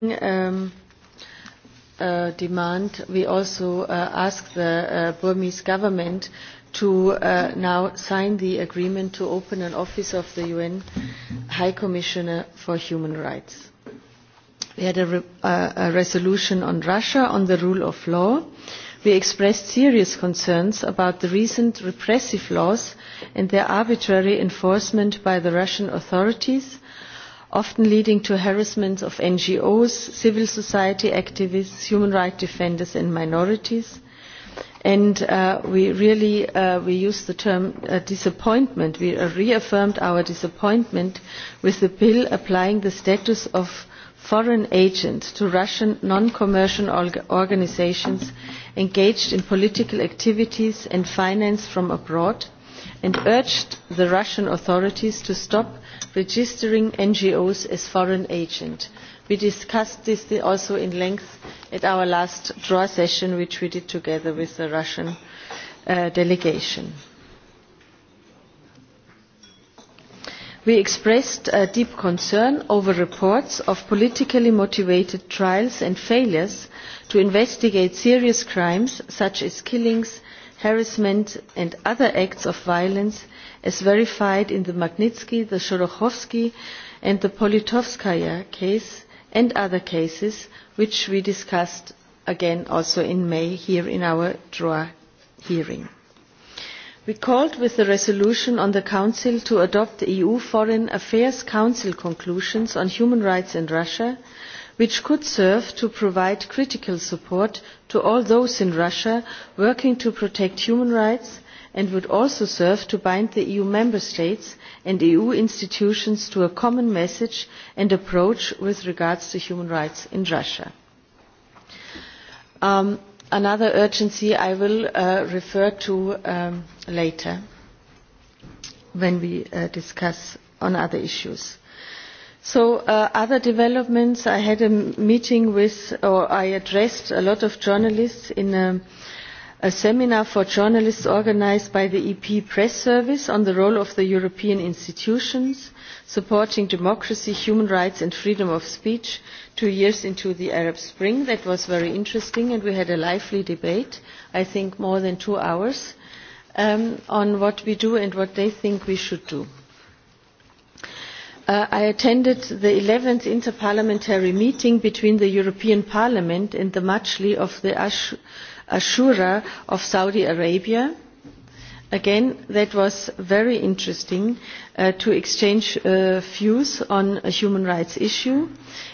Um, uh, demand, we also uh, ask the uh, Burmese government to uh, now sign the agreement to open an office of the UN High Commissioner for Human Rights. We had a, re uh, a resolution on Russia on the rule of law. We expressed serious concerns about the recent repressive laws and their arbitrary enforcement by the Russian authorities often leading to harassment of ngos civil society activists human rights defenders and minorities and uh, we really uh, we used the term uh, disappointment we reaffirmed our disappointment with the bill applying the status of foreign agent to russian non commercial organisations engaged in political activities and financed from abroad and urged the russian authorities to stop registering ngos as foreign agents. we discussed this also at length at our last draw session which we did together with the russian uh, delegation. we expressed a uh, deep concern over reports of politically motivated trials and failures to investigate serious crimes such as killings harassment and other acts of violence as verified in the Magnitsky, the Shodorkovsky and the Politkovskaya case and other cases which we discussed again also in May here in our DROA hearing. We called with the resolution on the Council to adopt the EU Foreign Affairs Council conclusions on human rights in Russia, which could serve to provide critical support to all those in Russia working to protect human rights and would also serve to bind the eu member states and eu institutions to a common message and approach with regard to human rights in russia. Um, another urgency i will uh, refer to um, later when we uh, discuss on other issues. So uh, other developments, I had a meeting with, or I addressed a lot of journalists in a seminar for journalists organised by the ep press service on the role of the european institutions supporting democracy human rights and freedom of speech two years into the arab spring. that was very interesting and we had a lively debate i think more than two hours um, on what we do and what they think we should do. Uh, i attended the eleventh interparliamentary meeting between the european parliament and the majlis of the ashura of saudi arabia again that was very interesting uh, to exchange uh, views on a human rights issue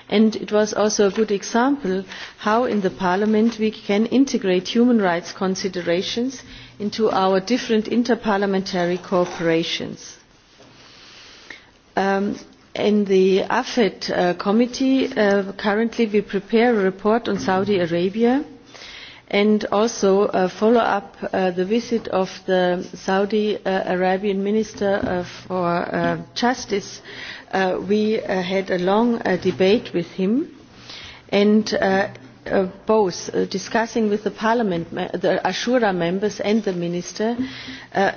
and it was also a good example how in the parliament we can integrate human rights considerations into our different interparliamentary cooperations. Um, in the Afet uh, committee, uh, currently we prepare a report on Saudi Arabia and also uh, follow up uh, the visit of the Saudi uh, Arabian Minister for Justice. we had a long debate with him and both discussing with the parliament, the Ashura members and the minister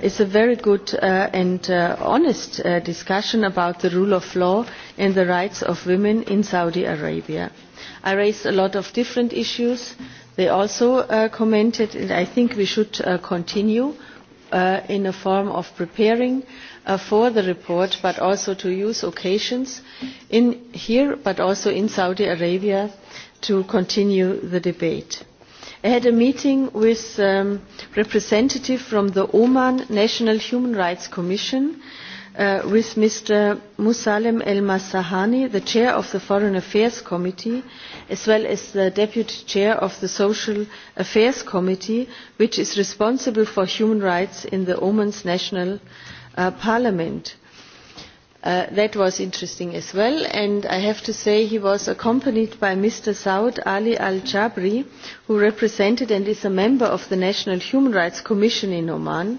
is a very good and honest discussion about the rule of law and the rights of women in Saudi Arabia. I raised a lot of different issues They also uh, commented, and I think we should uh, continue uh, in a form of preparing for the report, but also to use occasions here, but also in Saudi Arabia, to continue the debate. I had a meeting with um, representative from the Oman National Human Rights Commission, uh, Uh, with Mr. Musalem El Masahani, the chair of the Foreign Affairs Committee, as well as the deputy chair of the Social Affairs Committee, which is responsible for human rights in the Oman's national uh, parliament. Uh, that was interesting as well and i have to say he was accompanied by mr saud ali al jabri who represented and is a member of the national human rights commission in oman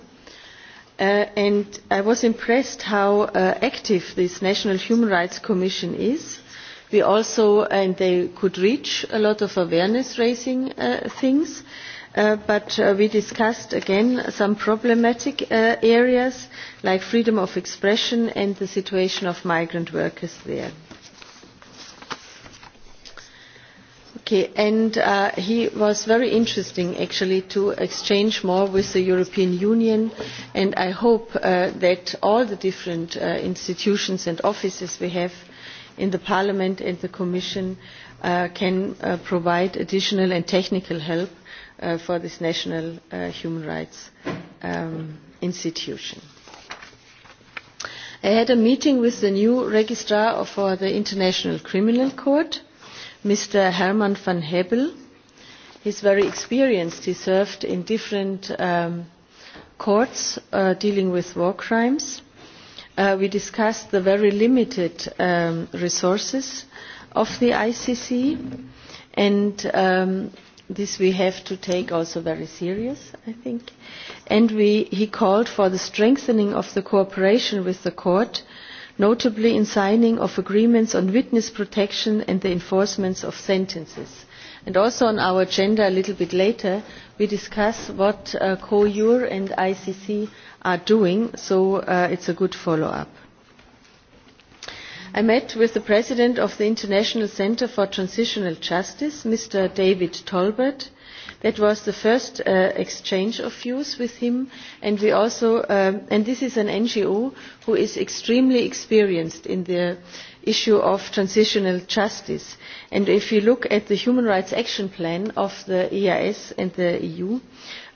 Uh, and I was impressed how uh, active this National Human Rights Commission is. We also, uh, and they could reach a lot of awareness raising uh, things, uh, but uh, we discussed again some problematic uh, areas like freedom of expression and the situation of migrant workers there. Okay, and uh, he was very interesting actually to exchange more with the European Union, and I hope uh, that all the different uh, institutions and offices we have in the Parliament and the Commission can provide additional and technical help for this national human rights um, institution. I had a meeting with the new registrar for the International Criminal Court Mr. Herman van he is very experienced. He served in different um, courts uh, dealing with war crimes. Uh, we discussed the very limited um, resources of the ICC, and um, this we have to take also very seriously I think. And he called for the strengthening of the cooperation with the court notably in signing of agreements on witness protection and the enforcement of sentences. And also on our agenda a little bit later we discuss what uh, COUR and ICC are doing, so it uh, it's a good follow-up. I met with the President of the International Centre for Transitional Justice, Mr. David Tolbert, that was the first uh, exchange of views with him and we also um, and this is an ngo which is extremely experienced in the issue of transitional justice and if you look at the human rights action plan of the eeas and the eu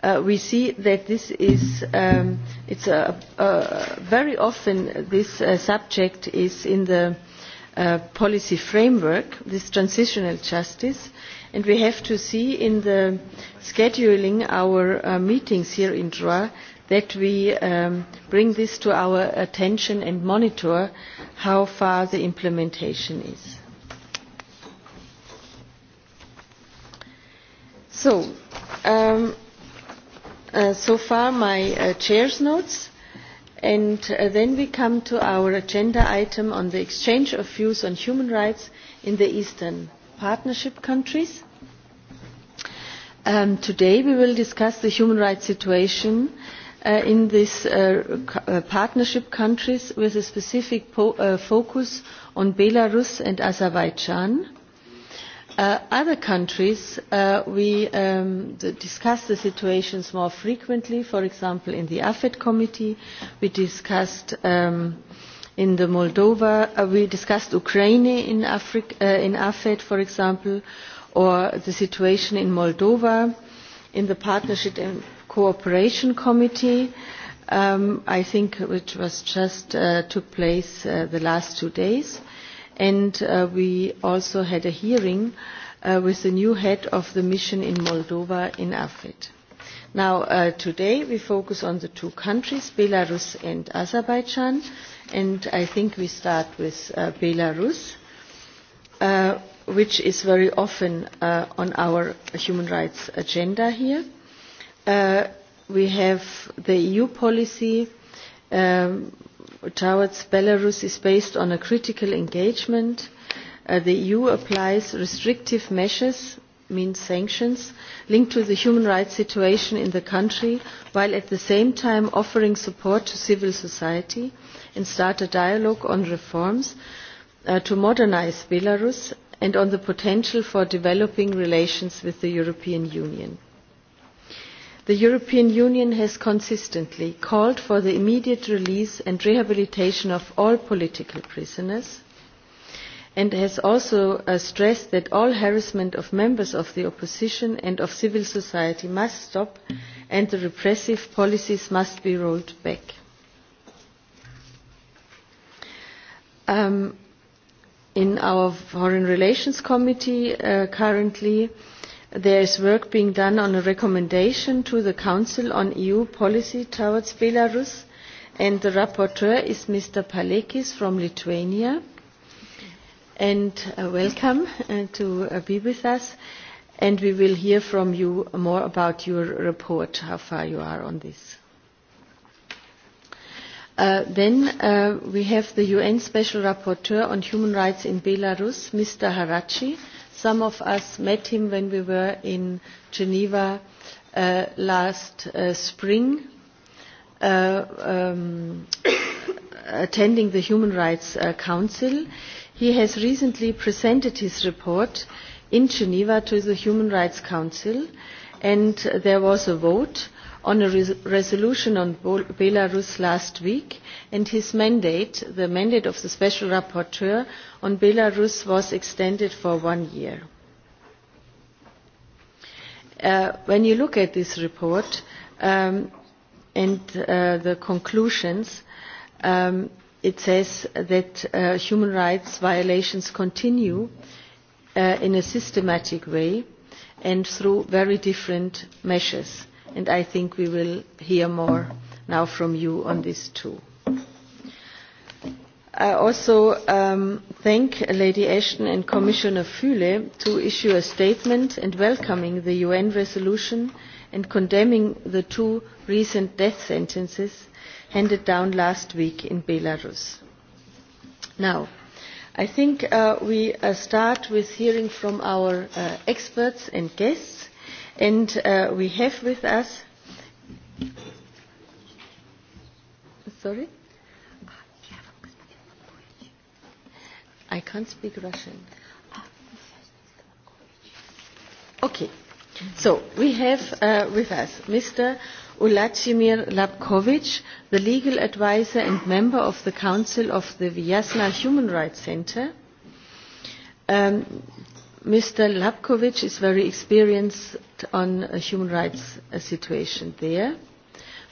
uh, we see that this is um, a, very often this uh, subject is in the policy framework this transitional justice and we have to see in the scheduling of our uh, meetings here in Drua that we um, bring this to our attention and monitor how far the implementation is. So, um, uh, so far my uh, chair's notes. And uh, then we come to our agenda item on the exchange of views on human rights in the Eastern partnership countries. Um, today we will discuss the human rights situation uh, in these uh, uh, partnership countries with a specific uh, focus on Belarus and Azerbaijan. Uh, other countries uh, we um, discuss the situations more frequently for example in the afet committee we discussed um, in the Moldova. Uh, we discussed Ukraine in, uh, afet for example, or the situation in Moldova in the Partnership and Cooperation Committee, um, I think, which just uh, took place in the last two days. And we also had a hearing with the new head of the mission in Moldova in afet. Now, today we focus on the two countries, Belarus and Azerbaijan, and I think we start with uh, Belarus, uh, which is very often uh, on our human rights agenda here. Uh, we have the EU policy um, towards Belarus is based on a critical engagement. Uh, the EU applies restrictive measures means sanctions linked to the human rights situation in the country while at the same time offering support to civil society and start a dialogue on reforms uh, to modernise Belarus and on the potential for developing relations with the European Union. The European Union has consistently called for the immediate release and rehabilitation of all political prisoners and has also uh, stressed that all harassment of members of the opposition and of civil society must stop and the repressive policies must be rolled back. um, in our Foreign Relations Committee uh, currently, there is work being done on a recommendation to the Council on EU policy towards Belarus, and the rapporteur is Mr. Palekis from Lithuania. And uh, welcome uh, to uh, be with us. And we will hear from you more about your report, how far you are on this. Uh, then uh, we have the UN Special Rapporteur on Human Rights in Belarus, Mr. Harachi. Some of us met him when we were in Geneva uh, last uh, spring, uh, um, attending the Human Rights uh, Council. He has recently presented his report in Geneva to the Human Rights Council, and there was a vote on a resolution on Belarus last week, and his mandate, the mandate of the Special Rapporteur on Belarus, was extended for one year. Uh, when you look at this report um, and uh, the conclusions, um, it says that uh, human rights violations continue uh, in a systematic way and through very different measures and I think we will hear more now from you on this too. I also um, thank Lady Ashton and Commissioner Füle to issue a statement and welcoming the UN resolution and condemning the two recent death sentences handed down last week in Belarus. Now, I think uh, we uh, start with hearing from our uh, experts and guests And uh, we have with us, sorry? I can't speak Russian. Okay. So we have uh, with us Mr. Ulachimir Lapkovich, the legal advisor and member of the Council of the Vyazna Human Rights Center. Um, Mr. Lapkovic is very experienced on uh, human rights uh, situation there,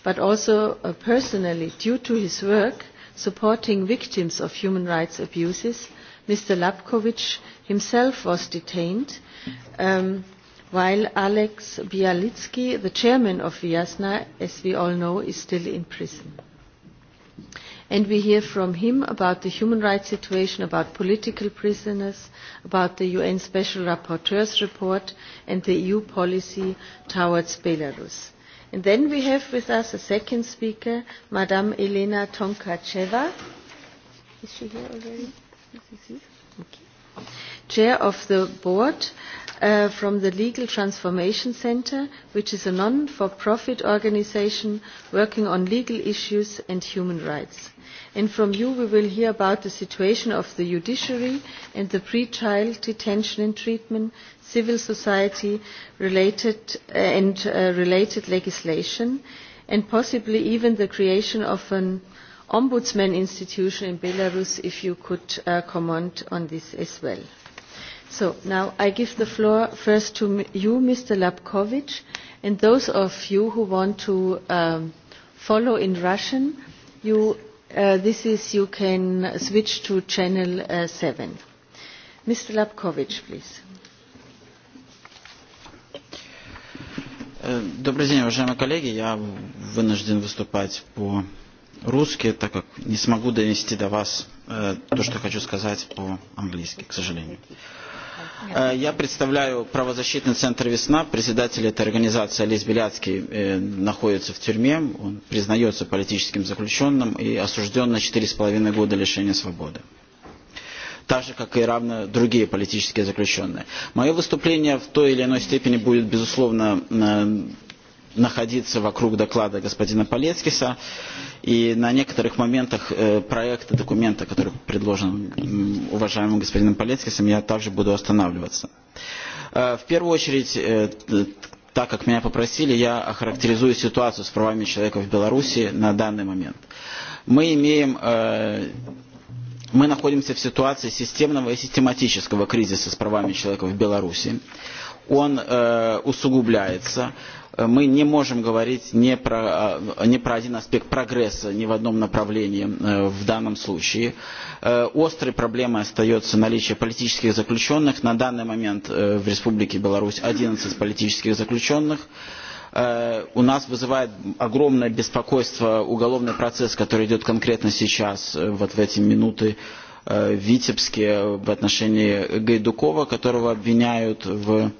but also uh, personally, due to his work supporting victims of human rights abuses, Mr. Lapkovic himself was detained, um, while Alex Bialitsky, the chairman of Vyazna, as we all know, is still in prison and we hear from him about the human rights situation, about political prisoners, about the UN Special Rapporteur's report and the EU policy towards Belarus. And then we have with us a second speaker, Madame Elena Tonkacheva. Is she here already? Chair of the board uh, from the Legal Transformation Center, which is a non-for-profit organization working on legal issues and human rights and from you we will hear about the situation of the judiciary and the pre-trial detention and treatment, civil society related uh, and uh, related legislation, and possibly even the creation of an ombudsman institution in Belarus, if you could uh, comment on this as well. So now I give the floor first to you, Mr. Lapkovich, and those of you who want to um, follow in Russian, you this is you can switch to channel uh, 7. Mr. Lapkovich, please. Добрый день, уважаемые коллеги. Я вынужден выступать по-русски, так как не смогу донести до вас э, то, что хочу сказать по-английски, к сожалению. Э, Я представляю правозащитный центр «Весна». Председатель этой организации Олесь Беляцкий находится в тюрьме. Он признается политическим заключенным и осужден на 4,5 года лишения свободы так же, как и равно другие политические заключенные. Мое выступление в той или иной степени будет, безусловно, находиться вокруг доклада господина Полецкиса и на некоторых моментах проекта документа, который предложен уважаемым господином Полецкисом, я также буду останавливаться. В первую очередь, так как меня попросили, я охарактеризую ситуацию с правами человека в Беларуси на данный момент. Мы имеем мы находимся в ситуации системного и систематического кризиса с правами человека в Беларуси. Он э, усугубляется мы не можем говорить ни про, не про один аспект прогресса ни в одном направлении в данном случае. Острой проблемой остается наличие политических заключенных. На данный момент в Республике Беларусь 11 политических заключенных у нас вызывает огромное беспокойство уголовный процесс, который идет конкретно сейчас, вот в эти минуты в Витебске в отношении Гайдукова, которого обвиняют в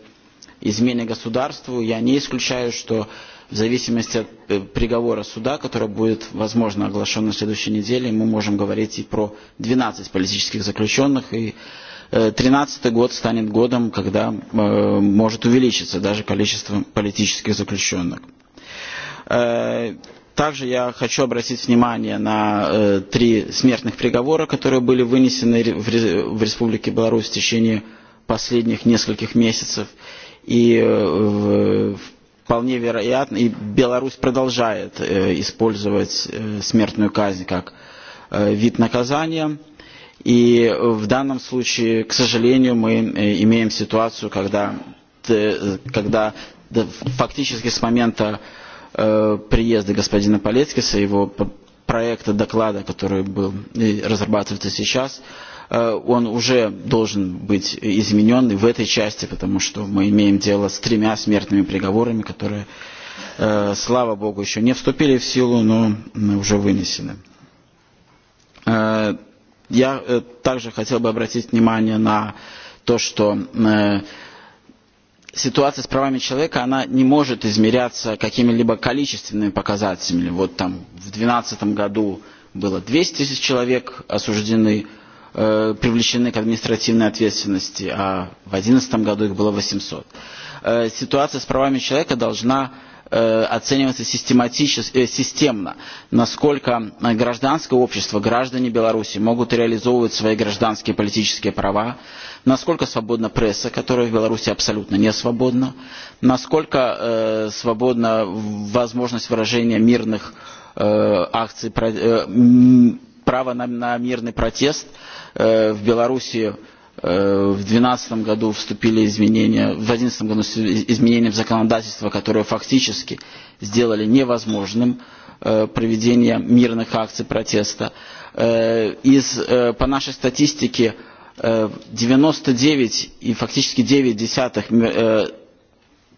измены государству. Я не исключаю, что в зависимости от приговора суда, который будет, возможно, оглашен на следующей неделе, мы можем говорить и про 12 политических заключенных. И 2013 год станет годом, когда может увеличиться даже количество политических заключенных. Также я хочу обратить внимание на э, три смертных приговора, которые были вынесены в, в Республике Беларусь в течение последних нескольких месяцев и вполне вероятно, и Беларусь продолжает использовать смертную казнь как вид наказания. И в данном случае, к сожалению, мы имеем ситуацию, когда, когда фактически с момента приезда господина Полецкиса, его проекта доклада, который был разрабатывается сейчас, он уже должен быть изменен в этой части, потому что мы имеем дело с тремя смертными приговорами, которые, слава богу, еще не вступили в силу, но уже вынесены. Я также хотел бы обратить внимание на то, что ситуация с правами человека она не может измеряться какими-либо количественными показателями. Вот там в 2012 году было 200 тысяч человек осуждены, привлечены к административной ответственности, а в 2011 году их было 800. Ситуация с правами человека должна оцениваться систематически, системно, насколько гражданское общество, граждане Беларуси могут реализовывать свои гражданские политические права, насколько свободна пресса, которая в Беларуси абсолютно не свободна, насколько э, свободна возможность выражения мирных э, акций, э, право на, на мирный протест. Э, в Беларуси в 2012 году вступили изменения, в 2011 году изменения в законодательство, которые фактически сделали невозможным проведение мирных акций протеста. Из, по нашей статистике 99 и фактически 9 десятых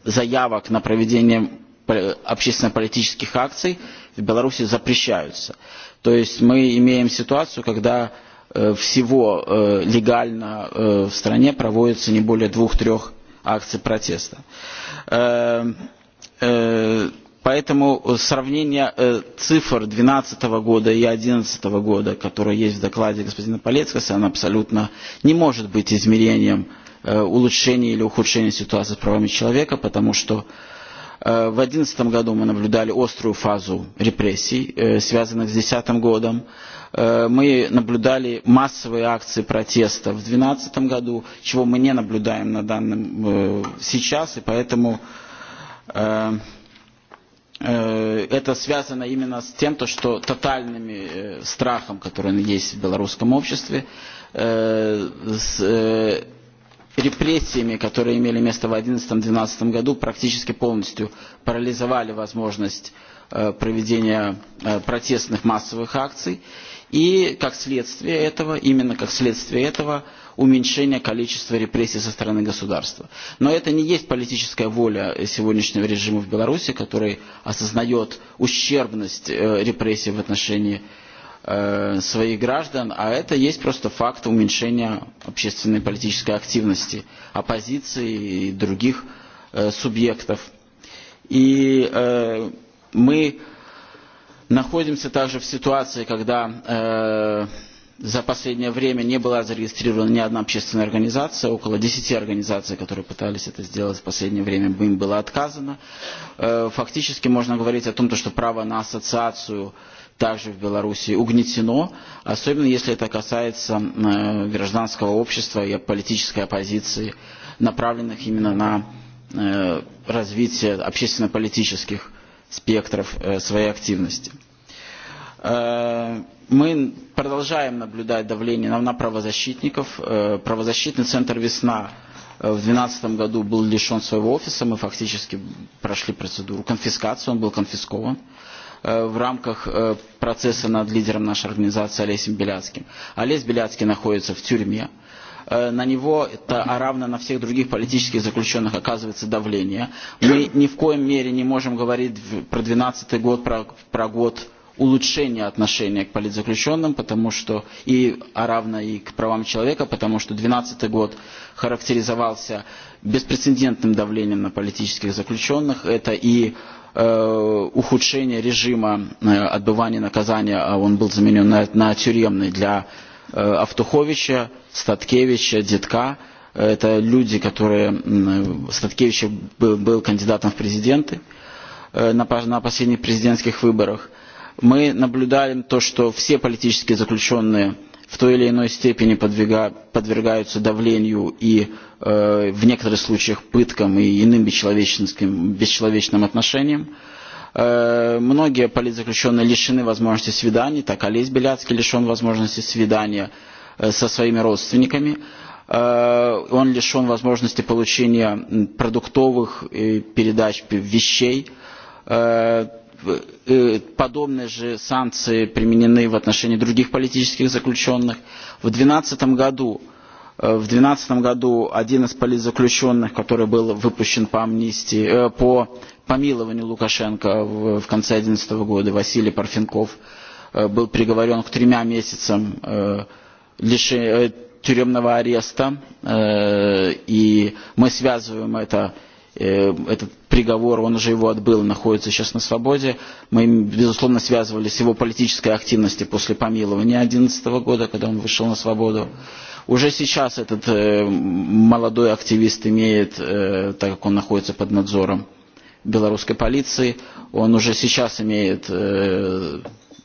заявок на проведение общественно-политических акций в Беларуси запрещаются. То есть мы имеем ситуацию, когда всего легально в стране проводится не более двух-трех акций протеста. Поэтому сравнение цифр двенадцатого года и одиннадцатого года, которые есть в докладе господина Полецкаса, оно абсолютно не может быть измерением улучшения или ухудшения ситуации с правами человека, потому что В 2011 году мы наблюдали острую фазу репрессий, связанных с 2010 годом. Мы наблюдали массовые акции протеста в 2012 году, чего мы не наблюдаем на данном сейчас, и поэтому это связано именно с тем, то, что тотальным страхом, который есть в белорусском обществе, с репрессиями, которые имели место в одиннадцатом двенадцатом году, практически полностью парализовали возможность проведения протестных массовых акций. И как следствие этого, именно как следствие этого, уменьшение количества репрессий со стороны государства. Но это не есть политическая воля сегодняшнего режима в Беларуси, который осознает ущербность репрессий в отношении своих граждан, а это есть просто факт уменьшения общественной политической активности, оппозиции и других субъектов. И мы находимся также в ситуации, когда за последнее время не была зарегистрирована ни одна общественная организация, около 10 организаций, которые пытались это сделать в последнее время, им было отказано. Фактически можно говорить о том, что право на ассоциацию – также в Беларуси угнетено, особенно если это касается гражданского общества и политической оппозиции, направленных именно на развитие общественно-политических спектров своей активности. Мы продолжаем наблюдать давление на правозащитников. Правозащитный центр «Весна» в 2012 году был лишен своего офиса. Мы фактически прошли процедуру конфискации, он был конфискован. Э, в рамках процесса над лидером нашей организации Олесем Беляцким. Олесь Беляцкий находится в тюрьме на него, а равно на всех других политических заключенных оказывается давление. Мы ни в коем мере не можем говорить про 2012 год, про, про год улучшения отношения к политзаключенным, потому что и а равно и к правам человека, потому что 2012 год характеризовался беспрецедентным давлением на политических заключенных. Это и э, ухудшение режима э, отбывания наказания, а он был заменен на, на тюремный для э, Автуховича, Статкевича, Детка. Это люди, которые... Э, Статкевич был, был кандидатом в президенты э, на, на последних президентских выборах мы наблюдаем то, что все политические заключенные в той или иной степени подвига, подвергаются давлению и э, в некоторых случаях пыткам и иным бесчеловечным, бесчеловечным отношениям. Э, многие политзаключенные лишены возможности свиданий, так Олесь Беляцкий лишен возможности свидания э, со своими родственниками. Э, он лишен возможности получения продуктовых э, передач вещей. Э, подобные же санкции применены в отношении других политических заключенных. В 2012 году в 2012 году один из политзаключенных, который был выпущен по амнистии, по помилованию Лукашенко в конце 2011 года, Василий Парфенков, был приговорен к тремя месяцам тюремного ареста. И мы связываем это этот приговор, он уже его отбыл, находится сейчас на свободе. Мы, безусловно, связывались с его политической активностью после помилования 2011 года, когда он вышел на свободу. Уже сейчас этот молодой активист имеет, так как он находится под надзором белорусской полиции, он уже сейчас имеет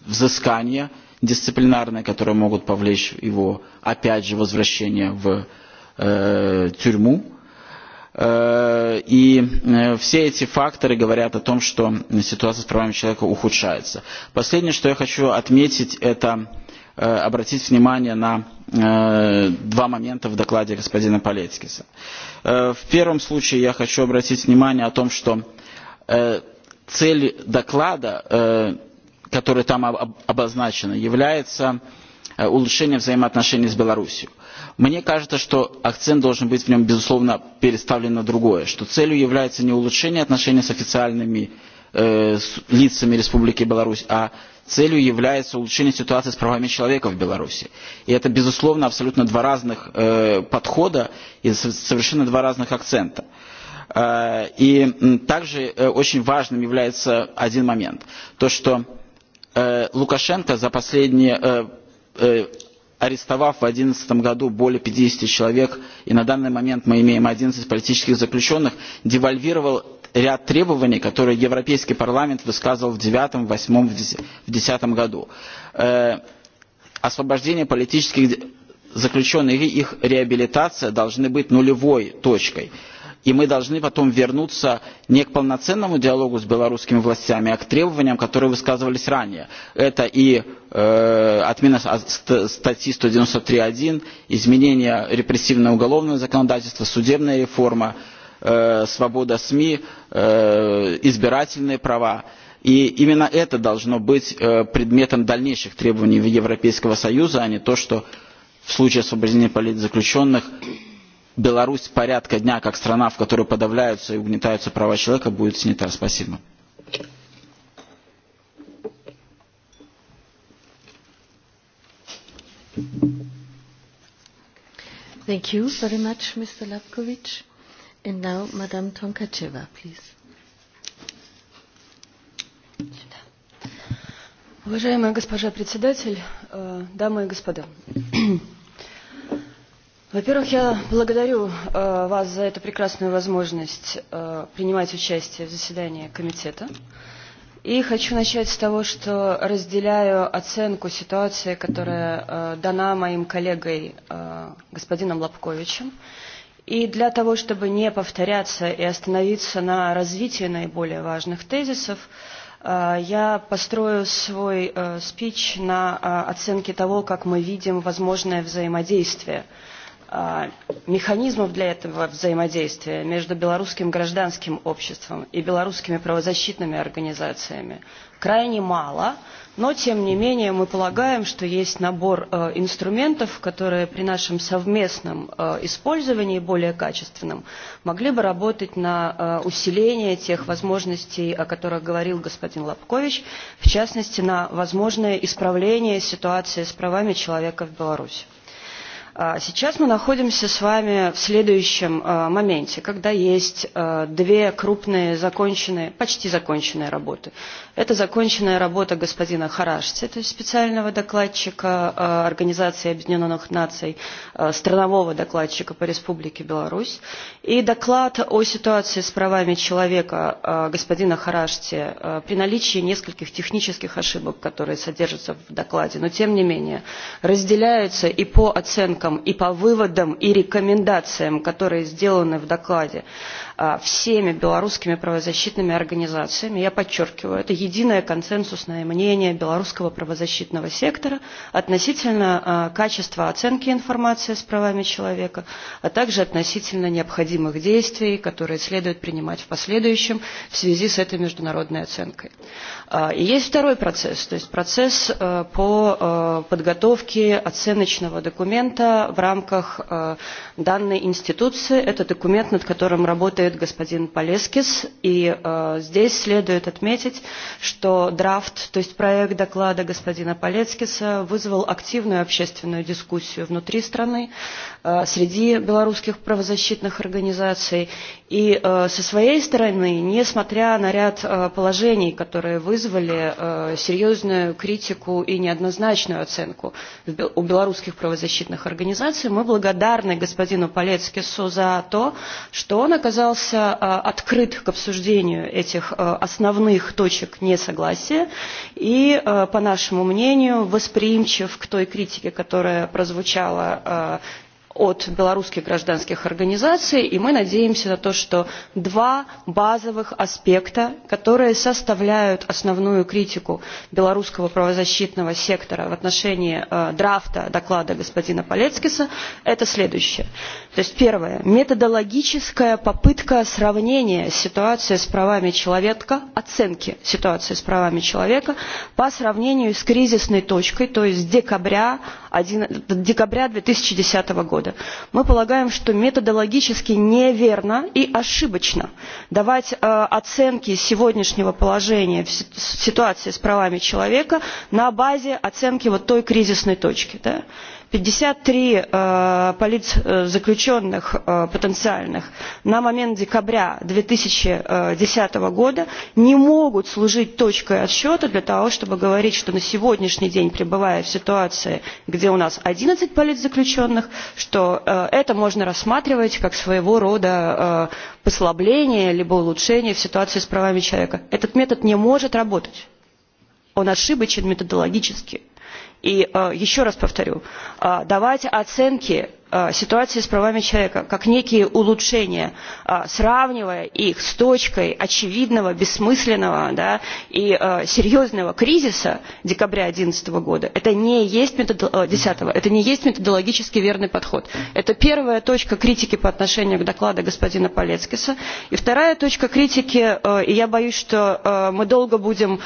взыскания дисциплинарные, которые могут повлечь его, опять же, возвращение в тюрьму И все эти факторы говорят о том, что ситуация с правами человека ухудшается. Последнее, что я хочу отметить, это обратить внимание на два момента в докладе господина Полецкиса. В первом случае я хочу обратить внимание о том, что цель доклада, которая там обозначена, является улучшение взаимоотношений с Беларусью. Мне кажется, что акцент должен быть в нем, безусловно, переставлен на другое, что целью является не улучшение отношений с официальными э, с лицами Республики Беларусь, а целью является улучшение ситуации с правами человека в Беларуси. И это, безусловно, абсолютно два разных э, подхода и совершенно два разных акцента. Э, и также очень важным является один момент. То, что э, Лукашенко за последние э, арестовав в 2011 году более 50 человек, и на данный момент мы имеем 11 политических заключенных, девальвировал ряд требований, которые Европейский парламент высказывал в 2009, 2008, 2010 году. Освобождение политических заключенных и их реабилитация должны быть нулевой точкой и мы должны потом вернуться не к полноценному диалогу с белорусскими властями, а к требованиям, которые высказывались ранее. Это и э, отмена статьи 193.1, изменение репрессивного уголовного законодательства, судебная реформа, э, свобода СМИ, э, избирательные права. И именно это должно быть э, предметом дальнейших требований Европейского Союза, а не то, что в случае освобождения политзаключенных Беларусь порядка дня, как страна, в которой подавляются и угнетаются права человека, будет снята. Спасибо. Thank you very much, Mr. Lapkovich. And now, Madame Tonkacheva, please. Уважаемая госпожа председатель, дамы и господа во первых я благодарю э, вас за эту прекрасную возможность э, принимать участие в заседании комитета и хочу начать с того что разделяю оценку ситуации которая э, дана моим коллегой э, господином лобковичем и для того, чтобы не повторяться и остановиться на развитии наиболее важных тезисов, я построю свой спич на оценке того, как мы видим возможное взаимодействие механизмов для этого взаимодействия между белорусским гражданским обществом и белорусскими правозащитными организациями крайне мало, но тем не менее мы полагаем, что есть набор инструментов, которые при нашем совместном использовании более качественном могли бы работать на усиление тех возможностей, о которых говорил господин Лобкович, в частности на возможное исправление ситуации с правами человека в Беларуси. Сейчас мы находимся с вами в следующем моменте, когда есть две крупные законченные, почти законченные работы. Это законченная работа господина Харашти, то есть специального докладчика Организации Объединенных Наций, странового докладчика по Республике Беларусь, и доклад о ситуации с правами человека господина Харашти при наличии нескольких технических ошибок, которые содержатся в докладе, но тем не менее разделяются и по оценкам оценкам и по выводам и рекомендациям которые сделаны в докладе всеми белорусскими правозащитными организациями я подчеркиваю это единое консенсусное мнение белорусского правозащитного сектора относительно качества оценки информации с правами человека а также относительно необходимых действий которые следует принимать в последующем в связи с этой международной оценкой. и есть второй процесс то есть процесс по подготовке оценочного документа в рамках данной институции. Это документ, над которым работает господин Полескис. И здесь следует отметить, что драфт, то есть проект доклада господина Полескиса вызвал активную общественную дискуссию внутри страны, среди белорусских правозащитных организаций И э, со своей стороны, несмотря на ряд э, положений, которые вызвали э, серьезную критику и неоднозначную оценку в, у белорусских правозащитных организаций, мы благодарны господину Полецкису за то, что он оказался э, открыт к обсуждению этих э, основных точек несогласия и, э, по нашему мнению, восприимчив к той критике, которая прозвучала э, от белорусских гражданских организаций и мы надеемся на то что два базовых аспекта которые составляют основную критику белорусского правозащитного сектора в отношении драфта доклада господина палецкиса это следующее то есть первое методологическая попытка сравнения ситуации с правами человека оценки ситуации с правами человека по сравнению с кризисной точкой то есть декабря декабря две тысячи десятого года мы полагаем что методологически неверно и ошибочно давать э, оценки сегодняшнего положения в ситуации с правами человека на базе оценки вот той кризисной точки да? пятьдесят три политзаключенных потенциальных на момент декабря две тысячи десятого года не могут служить точкой отсчета для того чтобы говорить что на сегодняшний день пребывая в ситуации где у нас одиннадцать политзаключенных что это можно рассматривать как своего рода послабление либо улучшение в ситуации с правами человека этот метод не может работать он ошибочен методологически И еще раз повторю, давать оценки ситуации с правами человека как некие улучшения, сравнивая их с точкой очевидного, бессмысленного да, и серьезного кризиса декабря две тысячи одиннадцать года, это не, есть методо... 10 это не есть методологически верный подход. Это первая точка критики по отношению к докладу господина Полецкиса. И вторая точка критики, и я боюсь, что мы долго будем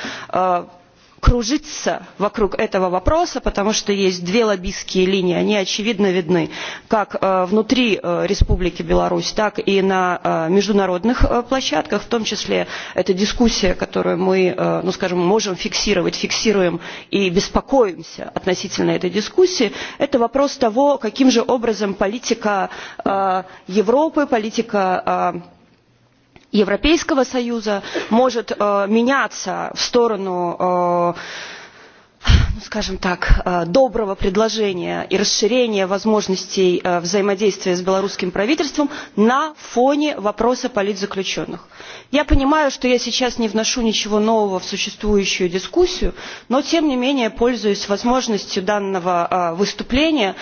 кружиться вокруг этого вопроса потому что есть две лоббистские линии они очевидно видны как внутри республики беларусь так и на международных площадках в том числе это дискуссия которую мы ну скажем можем фиксировать фиксируем и беспокоимся относительно этой дискуссии это вопрос того каким же образом политика европы политика европейского союза может меняться в сторону скажем так доброго предложения и расширения возможностей взаимодействия с белорусским правительством на фоне вопроса политзаключенных. я понимаю что я сейчас не вношу ничего нового в существующую дискуссию но тем не менее пользуясь возможностью данного выступления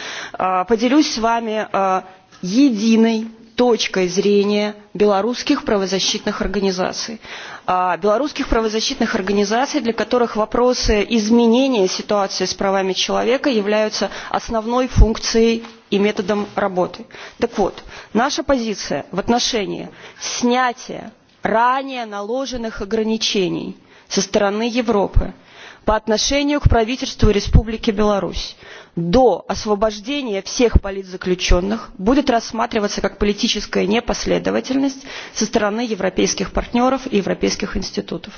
поделюсь с вами единой точкой зрения белорусских правозащитных организаций. Белорусских правозащитных организаций, для которых вопросы изменения ситуации с правами человека являются основной функцией и методом работы. Так вот, наша позиция в отношении снятия ранее наложенных ограничений со стороны Европы по отношению к правительству Республики Беларусь до освобождения всех политзаключенных будет рассматриваться как политическая непоследовательность со стороны европейских партнеров и европейских институтов.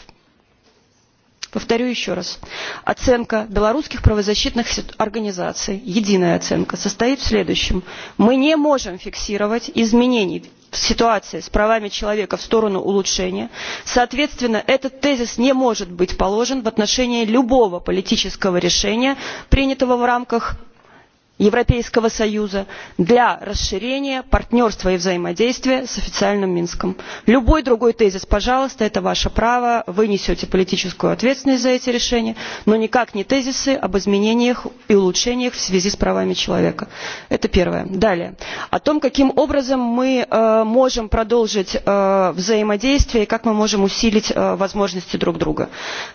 Повторю еще раз. Оценка белорусских правозащитных организаций, единая оценка, состоит в следующем. Мы не можем фиксировать изменений ситуации с правами человека в сторону улучшения соответственно этот тезис не может быть положен в отношении любого политического решения принятого в рамках европейского союза для расширения партнерства и взаимодействия с официальным минском. любой другой тезис пожалуйста это ваше право вы несете политическую ответственность за эти решения но никак не тезисы об изменениях и улучшениях в связи с правами человека. это первое. далее о том каким образом мы э, можем продолжить э, взаимодействие и как мы можем усилить э, возможности друг друга.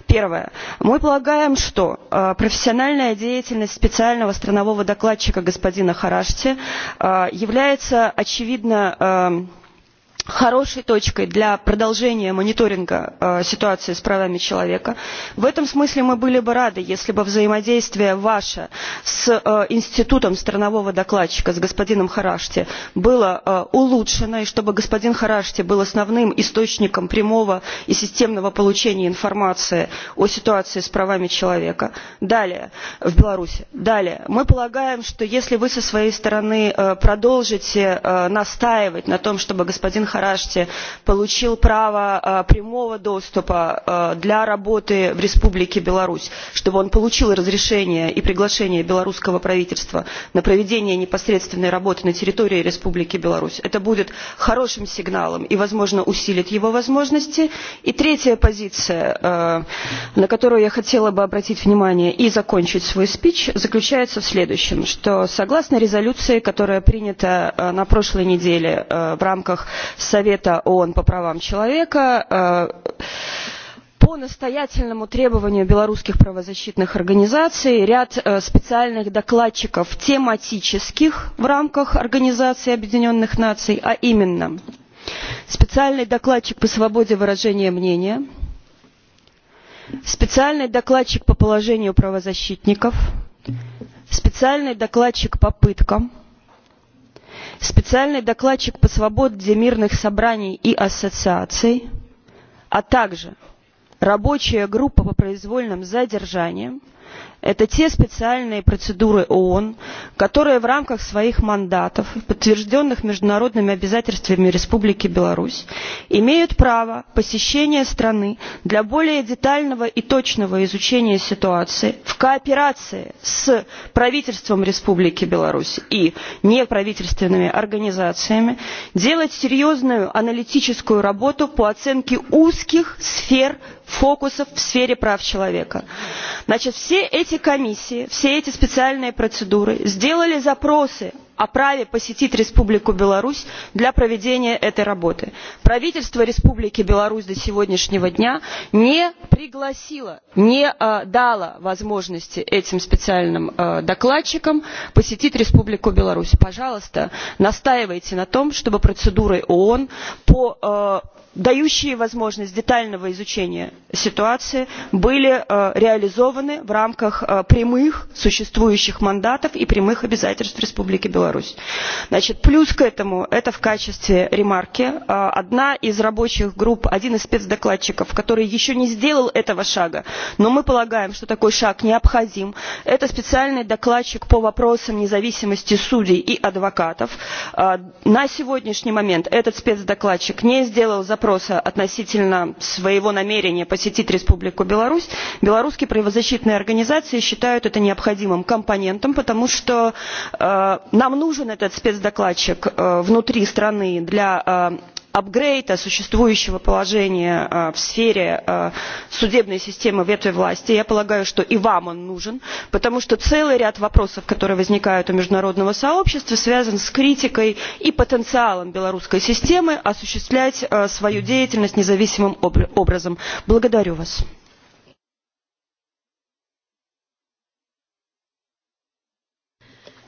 первое мы полагаем что профессиональная деятельность специального странового докладчика докладчика господина харашти является очевидно хорошей точкой для продолжения мониторинга ситуации с правами человека. В этом смысле мы были бы рады, если бы взаимодействие ваше с институтом странового докладчика, с господином Харашти, было улучшено, и чтобы господин Харашти был основным источником прямого и системного получения информации о ситуации с правами человека. Далее, в Беларуси. Далее, мы полагаем, что если вы со своей стороны продолжите настаивать на том, чтобы господин Харашти бахараште получил право прямого доступа для работы в республике беларусь чтобы он получил разрешение и приглашение белорусского правительства на проведение непосредственной работы на территории республики беларусь это будет хорошим сигналом и возможно усилит его возможности и третья позиция на которую я хотела бы обратить внимание и закончить свой спич заключается в следующем что согласно резолюции которая принята на прошлой неделе в рамках совета оон по правам человека по настоятельному требованию белорусских правозащитных организаций ряд специальных докладчиков тематических в рамках организации объединенных наций а именно специальный докладчик по свободе выражения мнения специальный докладчик по положению правозащитников специальный докладчик по пыткам специальный докладчик по свободе мирных собраний и ассоциаций а также рабочая группа по произвольным задержаниям это те специальные процедуры оон которые в рамках своих мандатов подтвержденных международными обязательствами республики беларусь имеют право посещения страны для более детального и точного изучения ситуации в кооперации с правительством республики беларусь и неправительственными организациями делать серьезную аналитическую работу по оценке узких сфер фокусов в сфере прав человека. Значит, все эти комиссии, все эти специальные процедуры сделали запросы о праве посетить республику беларусь для проведения этой работы. правительство республики беларусь до сегодняшнего дня не пригласило не дало возможности этим специальным докладчикам посетить республику беларусь. пожалуйста настаивайте на том чтобы процедуры оон дающие возможность детального изучения ситуации были реализованы в рамках прямых существующих мандатов и прямых обязательств республики беларусь беларусь. значит плюс к этому это в качестве ремарки одна из рабочих групп один из спецдокладчиков который еще не сделал этого шага но мы полагаем что такой шаг необходим это специальный докладчик по вопросам независимости судей и адвокатов на сегодняшний момент этот спецдокладчик не сделал запроса относительно своего намерения посетить республику беларусь белорусские правозащитные организации считают это необходимым компонентом потому что э, нам нужен этот спецдокладчик внутри страны для апгрейда существующего положения в сфере судебной системы ветви власти я полагаю что и вам он нужен потому что целый ряд вопросов которые возникают у международного сообщества связан с критикой и потенциалом белорусской системы осуществлять свою деятельность независимым образом. благодарю вас.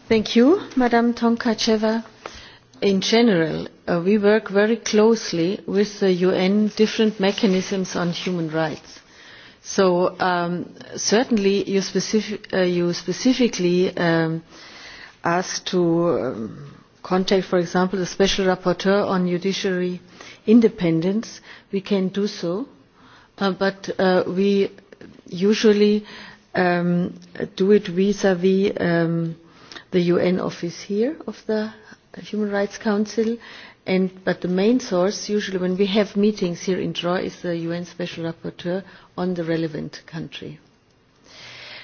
Thank you, Madam Tonkacheva. In general, uh, we work very closely with the UN different mechanisms on human rights. So um, certainly you, specific, uh, you specifically um, asked to um, contact, for example, the Special Rapporteur on Judiciary Independence. We can do so, uh, but uh, we usually um, do it vis-à-vis -vis, um, the UN office here of the Human Rights Council, and, but the main source, usually when we have meetings here in Troy, is the UN Special Rapporteur on the relevant country.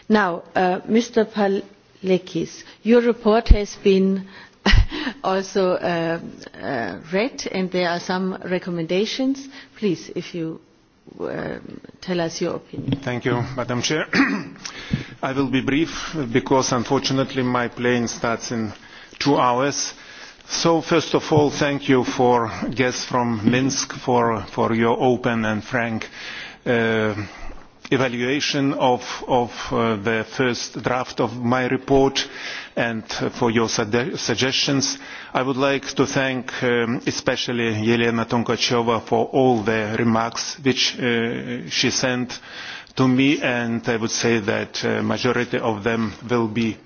Now, uh, Mr. Palekis, your report has been also uh, uh, read, and there are some recommendations. Please, if you Uh, tell us your opinion. Thank you, Madam Chair. I will be brief because unfortunately my plane starts in two hours. So first of all, thank you for guests from Minsk for, for your open and frank uh, evaluation of, of uh, the first draft of my report and for your suggestions. I would like to thank um, especially Yelena Tonkacheva for all the remarks which uh, she sent to me and I would say that uh, majority of them will be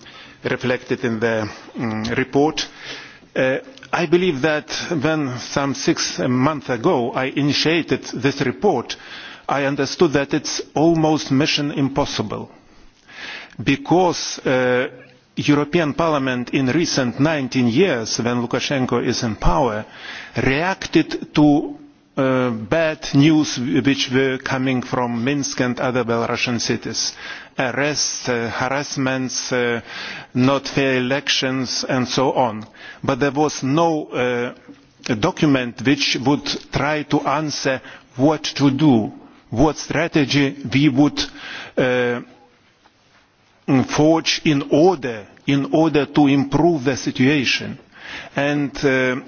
reflected in the um, report. Uh, I believe that when some six months ago I initiated this report, uh, I understood that it's almost mission impossible because uh, European Parliament in recent 19 years, when Lukashenko is in power, reacted to uh, bad news which were coming from Minsk and other Belarusian cities. Arrests, uh, harassments, uh, not fair elections, and so on. But there was no uh, document which would try to answer what to do what strategy we would uh, forge in order, in order to improve the situation. And uh,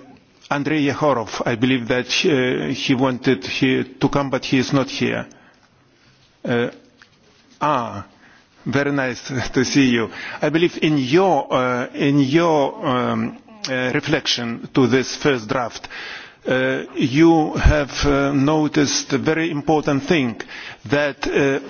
Andrei Yehorov, I believe that uh, he wanted he, to come, but he is not here. Uh, ah, very nice to see you. I believe in your, uh, in your um, uh, reflection to this first draft, uh, Uh, you have uh, noticed a very important thing that uh,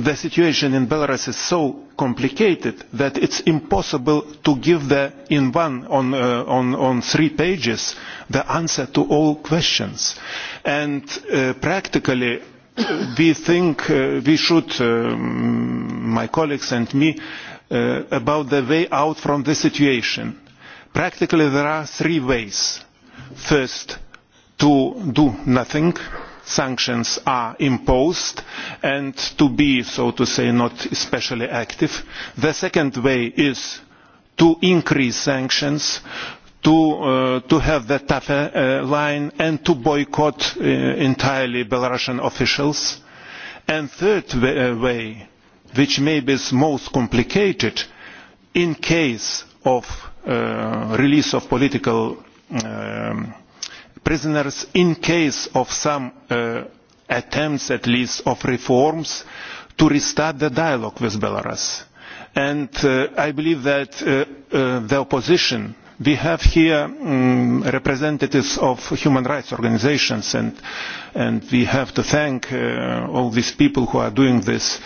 the situation in Belarus is so complicated that it's impossible to give the, in one on, uh, on, on three pages the answer to all questions and uh, practically we think we should um, my colleagues and me about the way out from the situation practically there are three ways first to do nothing sanctions are imposed and to be so to say not especially active. the second way is to increase sanctions to, uh, to have the tougher uh, line and to boycott uh, entirely belarusian officials. and third uh, way which maybe is most complicated in case of uh, release of political um, prisoners in case of some uh, attempts at least of reforms to restart the dialogue with Belarus. And uh, I believe that uh, uh, the opposition we have here um, representatives of human rights organizations and, and we have to thank uh, all these people who are doing this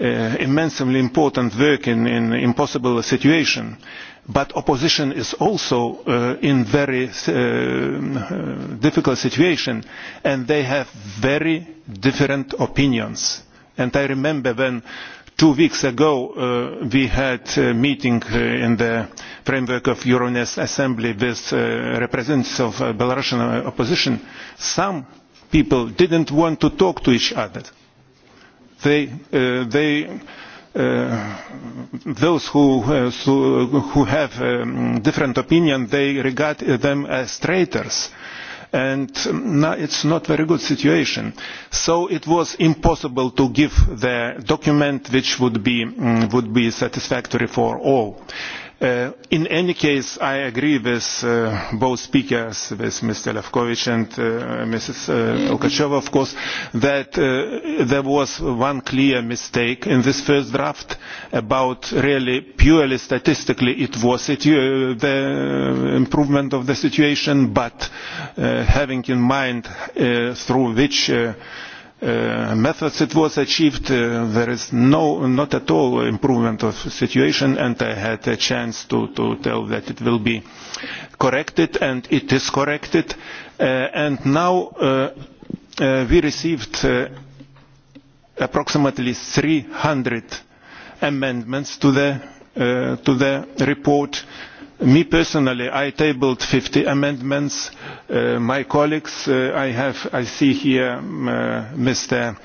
uh, immensely important work in an impossible situation. Uh, but the opposition is also uh, in a very uh, difficult situation and they have very different opinions i remember when two weeks ago uh, we had a meeting in the framework of the euronest assembly with representatives of the belarusian opposition some people did not want to talk to each other they Uh, those who, uh, so, who have um, different opinion, they regard them as traitors. And it's not very good situation. So it was impossible to give the document which would be, um, would be satisfactory for all. Uh, Uh, in any case, I agree with uh, both speakers, with Mr. Lefkovich and uh, ms Mrs. of course, that there was one clear mistake in this first draft about really purely statistically it was the improvement of the situation, but having in mind through which Uh, methods it was achieved, uh, there is no, not at all improvement of situation and I had a chance to, to tell that it will be corrected and it is corrected. Uh, and now uh, uh, we received uh, approximately 300 amendments to the, uh, to the report me personally i tabled fifty amendments uh, my colleagues uh, i have i see here um, uh, mr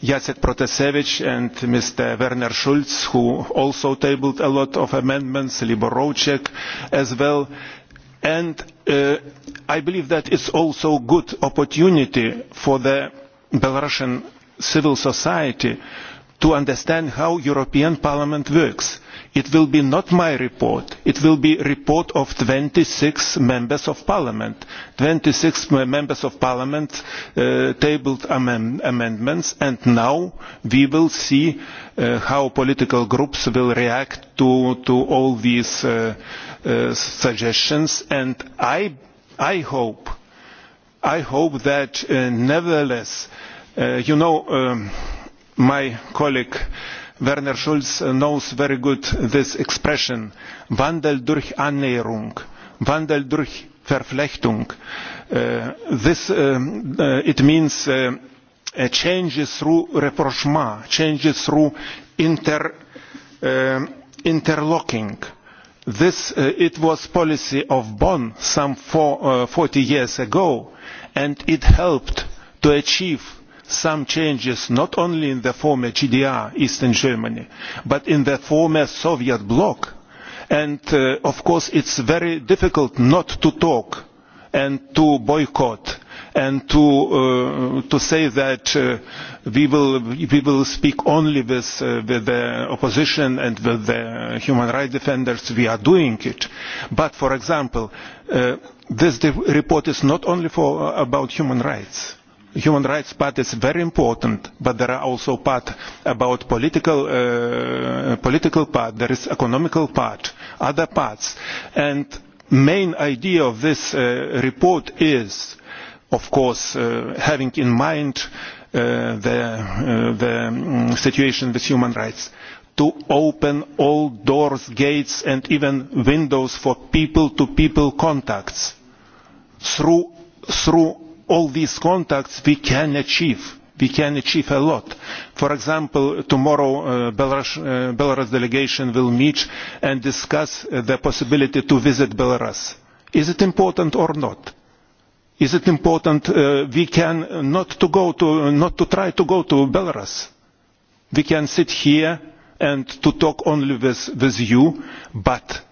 jacek protasevich and mr werner schulz who also tabled a lot of amendments libor rouek as well and uh, i believe that it's also a good opportunity for the belarusian civil society to understand how the european parliament works it will be not my report it will be a report of twenty six members of parliament. twenty six members of parliament uh, tabled am amendments and now we will see uh, how political groups will react to, to all these uh, uh suggestions and i, I hope I hope that uh, nevertheless, uh, you know, um, my colleague Werner Schulz knows very good this expression, Wandel durch Annäherung, Wandel durch Verflechtung. Uh, this, um, uh, it means uh, changes through rapprochement, changes through inter, uh, interlocking. This, uh, it was policy of Bonn some four, uh, 40 years ago, and it helped to achieve some changes not only in the former GDR, Eastern Germany, but in the former Soviet bloc. And uh, of course it's very difficult not to talk and to boycott and to uh, to say that uh, we will we will speak only with uh, with the opposition and with the human rights defenders we are doing it but for example uh, this report is not only for uh, about human rights human rights part is very important, but there are also part about political, uh, political part, there is economical part, other parts. And main idea of this uh, report is, of course, uh, having in mind uh, the, uh, the um, situation with human rights to open all doors, gates and even windows for people-to-people -people contacts through, through all these contacts we can achieve we can achieve a lot. For example, tomorrow uh, Belarus, uh, Belarus delegation will meet and discuss uh, the possibility to visit Belarus. Is it important or not? Is it important uh, we can not to go to, not to try to go to Belarus? We can sit here and to talk only with, with you, but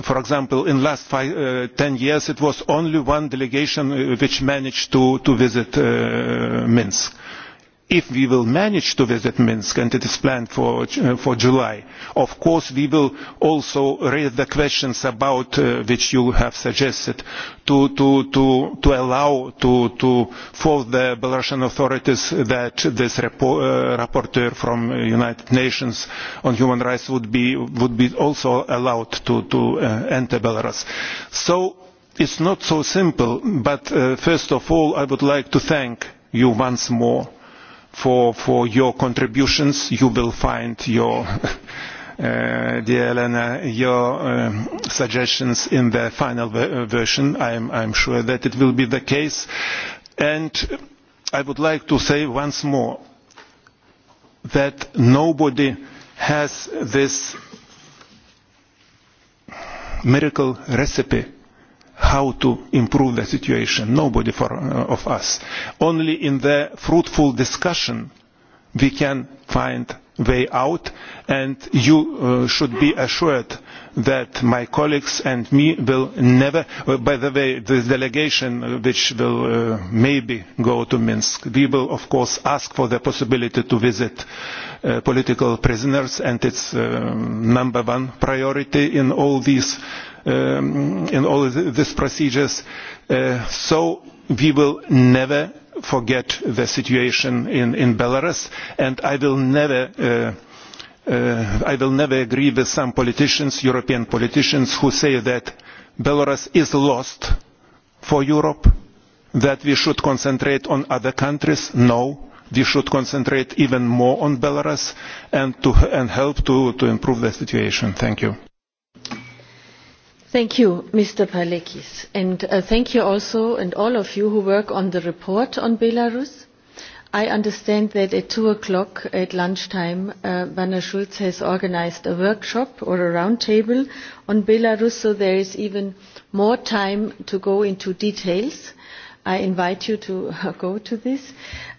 for example in the last five, uh, 10 years it was only one delegation uh, which managed to, to visit uh, Minsk if we will manage to visit Minsk, and it is planned for, uh, for July, of course we will also raise the questions about uh, which you have suggested to, to, to, to allow to, to force the Belarusian authorities that this repo, uh, rapporteur from United Nations on human rights would be, would be also allowed to, to uh, enter Belarus. So it's not so simple, but uh, first of all I would like to thank you once more for, for your contributions. You will find your, uh, dear Elena, your um, suggestions in the final ver uh, version. I'm, I'm sure that it will be the case. And I would like to say once more that nobody has this miracle recipe how to improve the situation. Nobody for, uh, of us. Only in the fruitful discussion we can find way out and you uh, should be assured that my colleagues and me will never uh, by the way this delegation uh, which will uh, maybe go to minsk we will of course ask for the possibility to visit uh, political prisoners and it's um, number one priority in all these uh, um, in all these procedures. Uh, so we will never forget the situation in, in Belarus, and I will never. Uh, uh, I will never agree with some politicians, European politicians, who say that Belarus is lost for Europe, that we should concentrate on other countries. No, we should concentrate even more on Belarus and, to, and help to, to improve the situation. Thank you. Thank you, Mr. paleckis and uh, thank you also and all of you who work on the report on Belarus. I understand that at two o'clock at lunchtime, uh, Werner Schulz has organised a workshop or a round table on Belarus, so there is even more time to go into details. I invite you to go to this.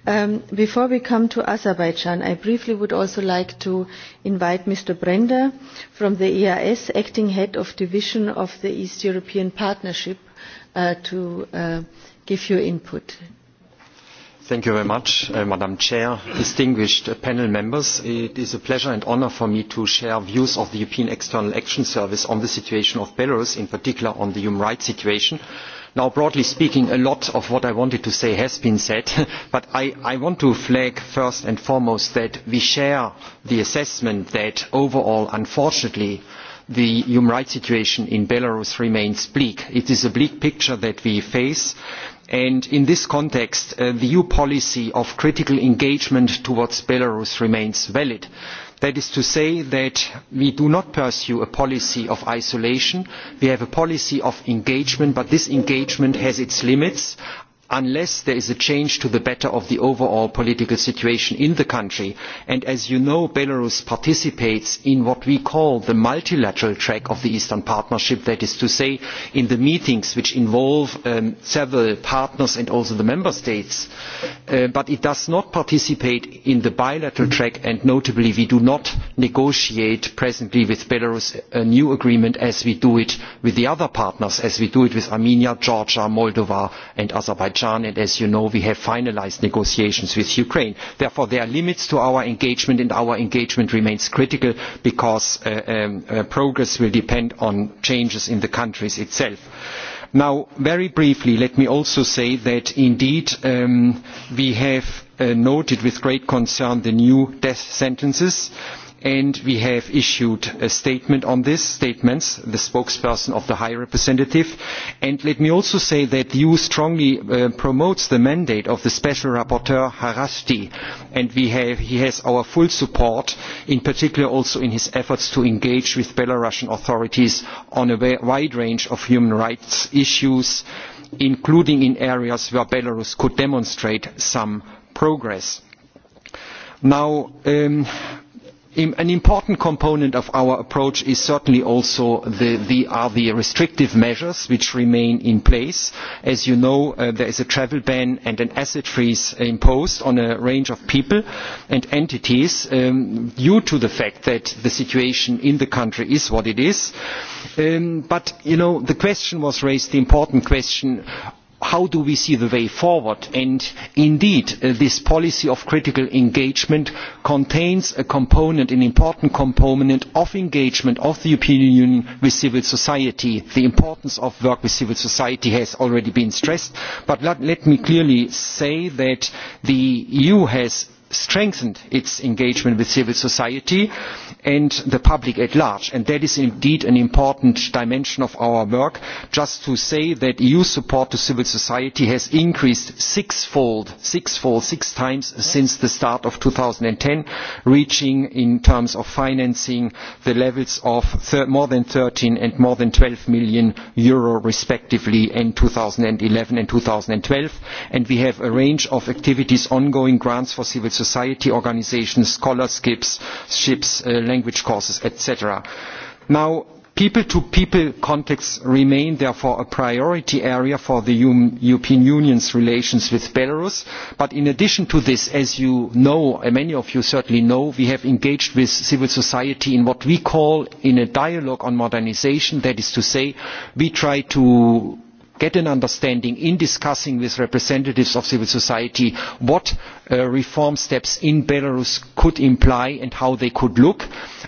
Um, before we come to Azerbaijan, I briefly would also like to invite Mr. Brender from the EIS, acting head of division of the East European Partnership, uh, to uh, give your input. Thank you very much, uh, Madam Chair, distinguished uh, panel members. It is a pleasure and honor for me to share views of the European External Action Service on the situation of Belarus, in particular on the human rights situation Now, broadly speaking, a lot of what I wanted to say has been said, but I, want to flag first and foremost that we share the assessment that overall, unfortunately, the human rights situation in Belarus remains bleak. It is a bleak picture that we face. And in this context, uh, the EU policy of critical engagement towards Belarus remains valid that is to say that we do not pursue a policy of isolation we have a policy of engagement but this engagement has its limits unless there is a change to the better of the overall political situation in the country. And as you know, Belarus participates in what we call the multilateral track of the Eastern Partnership, that is to say, in the meetings which involve um, several partners and also the member states. Uh, but it does not participate in the bilateral track, and notably, we do not negotiate presently with Belarus a new agreement as we do it with the other partners, as we do it with Armenia, Georgia, Moldova, and Azerbaijan Azerbaijan, and as you know, we have finalised negotiations with Ukraine. Therefore, there are limits to our engagement, and our engagement remains critical because uh, um, uh, progress will depend on changes in the countries themselves. Now, very briefly, let me also say that indeed um, we have uh, noted with great concern the new death sentences and we have issued a statement on this, statements, the spokesperson of the High Representative. And let me also say that the EU strongly uh, promotes the mandate of the Special Rapporteur Harasti, and we have, he has our full support, in particular also in his efforts to engage with Belarusian authorities on a wide range of human rights issues, including in areas where Belarus could demonstrate some progress. Now, um, an important component of our approach is certainly also the, are the restrictive measures which remain in place. As you know, uh, there is a travel ban and an asset freeze imposed on a range of people and entities um, due to the fact that the situation in the country is what it is. Um, but, you know, the question was raised, the important question how do we see the way forward and indeed uh, this policy of critical engagement contains a component an important component of engagement of the european union with civil society. the importance of work with civil society has already been stressed but let me clearly say that the eu has strengthened its engagement with civil society and the public at large and that is indeed an important dimension of our work just to say that eu support to civil society has increased sixfold sixfold six times since the start of 2010 reaching in terms of financing the levels of more than 13 and more than 12 million euro respectively in 2011 and 2012 and we have a range of activities ongoing grants for civil society society organisations, scholarships, ships, uh, language courses, etc. Now, people to people contacts remain therefore a priority area for the european union's relations with belarus but in addition to this as you know and many of you certainly know we have engaged with civil society in what we call in a dialogue on modernisation that is to say we try to get an understanding in discussing with representatives of civil society what uh, reform steps in belarus could imply and how they could look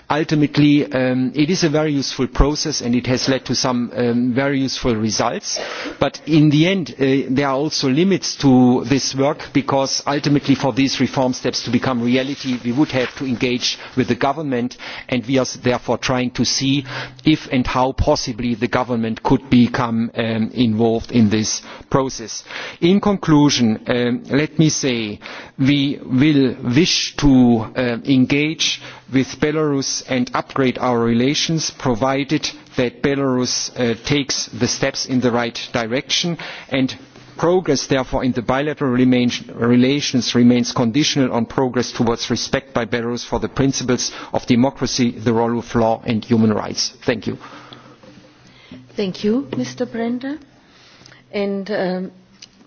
ultimately um, it is a very useful process and it has led to some um, very useful results but in the end uh, there are also limits to this work because ultimately for these reform steps to become reality we would have to engage with the government and we are therefore trying to see if and how possibly the government could become um, involved in this process. In conclusion, let me say we will wish to uh, engage with Belarus and upgrade our relations, provided that Belarus uh, takes the steps in the right direction. And progress, therefore, in the bilateral remain, relations remains conditional on progress towards respect by Belarus for the principles of democracy, the rule of law and human rights. Thank you. Thank you, Mr. Brenda. And um,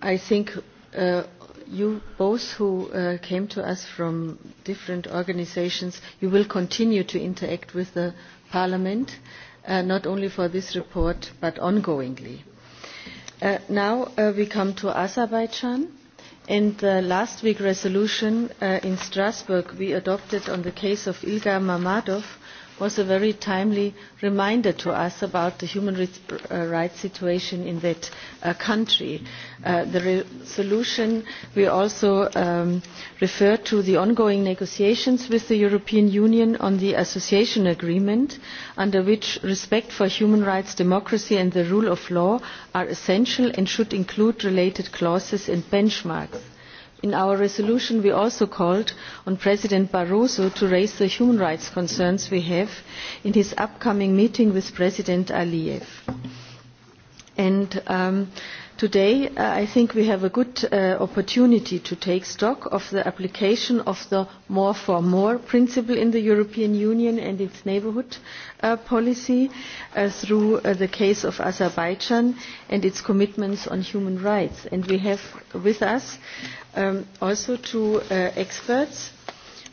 I think uh, you both who uh, came to us from different organisations, you will continue to interact with the Parliament, uh, not only for this report, but ongoingly. Uh, now uh, we come to Azerbaijan. And the last week resolution uh, in Strasbourg we adopted on the case of Ilgar Mamadov was a very timely reminder to us about the human uh, rights situation in that uh, country. Uh, the resolution we also um, refer to the ongoing negotiations with the European Union on the association agreement under which respect for human rights, democracy and the rule of law are essential and should include related clauses and benchmarks in our resolution we also called on president barroso to raise the human rights concerns we have in his upcoming meeting with president aliyev and um, today uh, i think we have a good uh, opportunity to take stock of the application of the more for more principle in the european union and its neighbourhood uh, policy uh, through uh, the case of azerbaijan and its commitments on human rights and we have with us um, also two uh, experts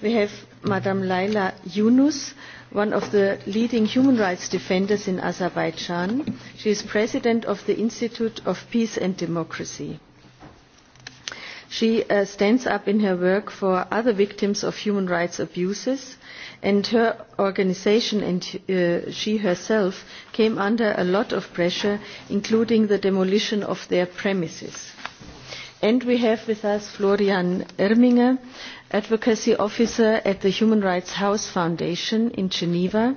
we have ms laila yunus one of the leading human rights defenders in Azerbaijan. She is president of the Institute of Peace and Democracy. She uh, stands up in her work for other victims of human rights abuses and her organization and uh, she herself came under a lot of pressure, including the demolition of their premises. And we have with us Florian Erminger, advocacy officer at the Human Rights House Foundation in Geneva.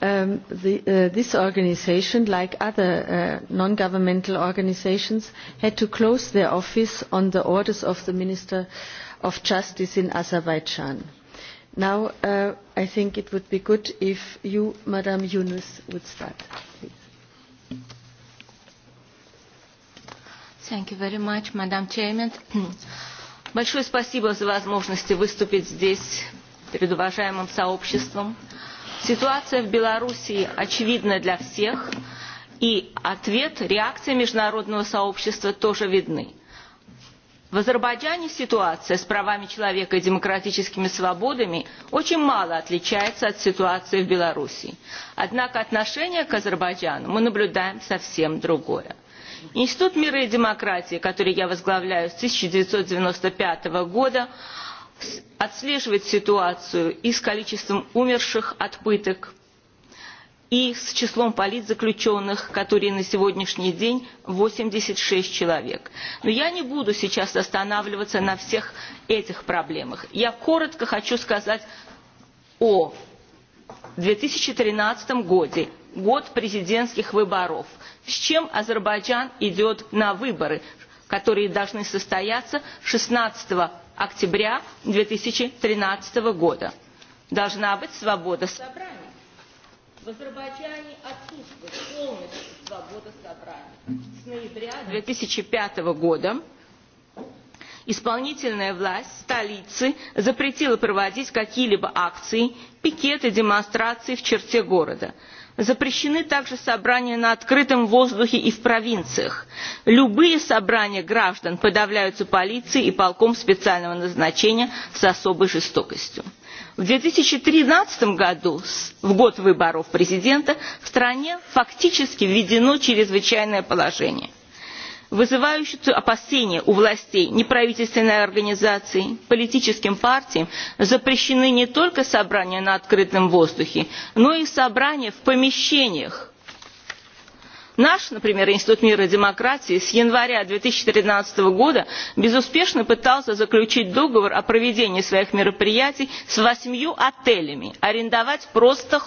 Um, the, uh, this organisation, like other uh, non-governmental organisations, had to close their office on the orders of the Minister of Justice in Azerbaijan. Now, uh, I think it would be good if you, Madam Yunus, would start. Please. Thank you very much, Madam Chairman. Большое спасибо за возможность выступить здесь перед уважаемым сообществом. Ситуация в Белоруссии очевидна для всех, и ответ, реакция международного сообщества тоже видны. В Азербайджане ситуация с правами человека и демократическими свободами очень мало отличается от ситуации в Белоруссии. Однако отношение к Азербайджану мы наблюдаем совсем другое. Институт мира и демократии, который я возглавляю с тысяча девятьсот девяносто пятого года, отслеживает ситуацию и с количеством умерших от пыток, и с числом политзаключенных, которые на сегодняшний день 86 человек. Но я не буду сейчас останавливаться на всех этих проблемах. Я коротко хочу сказать о 2013 году, год президентских выборов с чем Азербайджан идет на выборы, которые должны состояться 16 октября две тысячи тринадцатого года. Должна быть свобода собраний В Азербайджане отсутствует полностью свобода собраний С ноября две тысячи пятого года исполнительная власть столицы запретила проводить какие либо акции пикеты демонстрации в черте города запрещены также собрания на открытом воздухе и в провинциях любые собрания граждан подавляются полицией и полком специального назначения с особой жестокостью. в две тысячи тринадцатом году в год выборов президента в стране фактически введено чрезвычайное положение вызывающую опасения у властей неправительственной организации политическим партиям запрещены не только собрания на открытом воздухе но и собрания в помещениях наш например институт мира и демократии с января две тысячи тринадцатого года безуспешно пытался заключить договор о проведении своих мероприятий с восемью отелями арендовать просто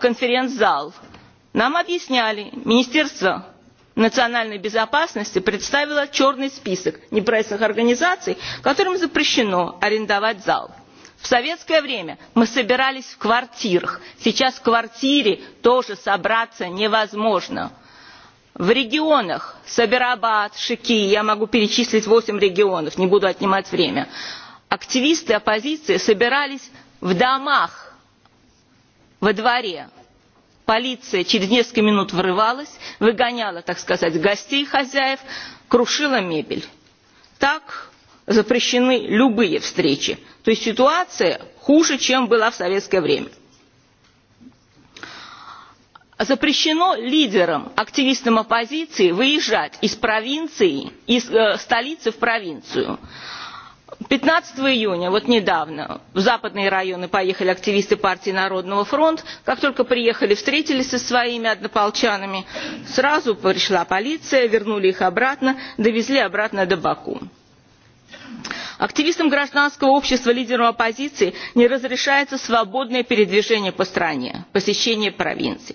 конференц зал нам объясняли министерство национальной безопасности представила черный список непрофильных организаций которым запрещено арендовать зал. в советское время мы собирались в квартирах сейчас в квартире тоже собраться невозможно. в регионах сабирабад шики я могу перечислить восемь регионов не буду отнимать время активисты оппозиции собирались в домах во дворе полиция через несколько минут врывалась выгоняла так сказать гостей хозяев крушила мебель. так запрещены любые встречи то есть ситуация хуже чем была в советское время запрещено лидерам активистам оппозиции выезжать из провинции из э, столицы в провинцию 15 июня, вот недавно, в западные районы поехали активисты партии Народного фронта. Как только приехали, встретились со своими однополчанами, сразу пришла полиция, вернули их обратно, довезли обратно до Баку. Активистам гражданского общества, лидерам оппозиции не разрешается свободное передвижение по стране, посещение провинций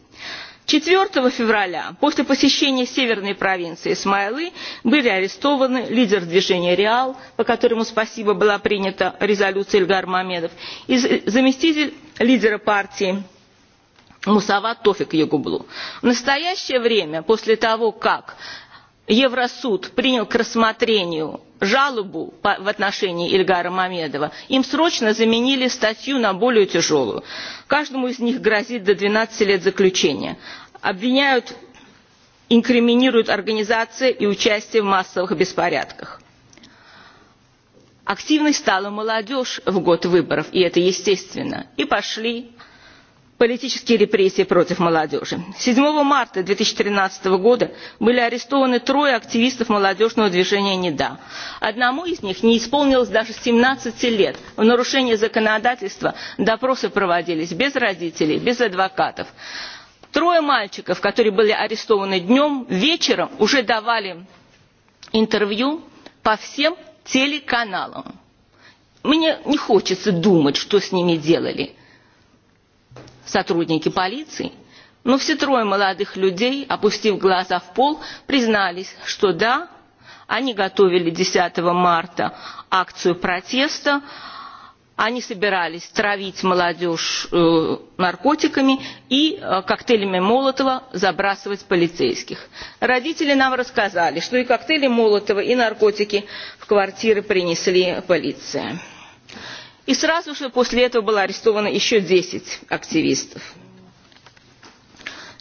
4 февраля после посещения северной провинции Смайлы были арестованы лидер движения «Реал», по которому, спасибо, была принята резолюция эльгар Мамедов, и заместитель лидера партии Мусават Тофик Ягублу. В настоящее время, после того, как Евросуд принял к рассмотрению жалобу в отношении ильгара мамедова им срочно заменили статью на более тяжелую каждому из них грозит до двенадцати лет заключения обвиняют инкриминируют организации и участие в массовых беспорядках активной стала молодежь в год выборов и это естественно и пошли политические репрессии против молодежи. седьмого марта две тысячи тринадцатого года были арестованы трое активистов молодежного движения не да одному из них не исполнилось даже семнадцати лет в нарушении законодательства допросы проводились без родителей без адвокатов трое мальчиков которые были арестованы днем вечером уже давали интервью по всем телеканалам мне не хочется думать что с ними делали сотрудники полиции. Но все трое молодых людей, опустив глаза в пол, признались, что да, они готовили 10 марта акцию протеста, они собирались травить молодежь э, наркотиками и э, коктейлями молотова забрасывать полицейских. родители нам рассказали что и коктейли молотова и наркотики в квартиры принесли полиция и сразу же после этого было арестовано еще десять активистов.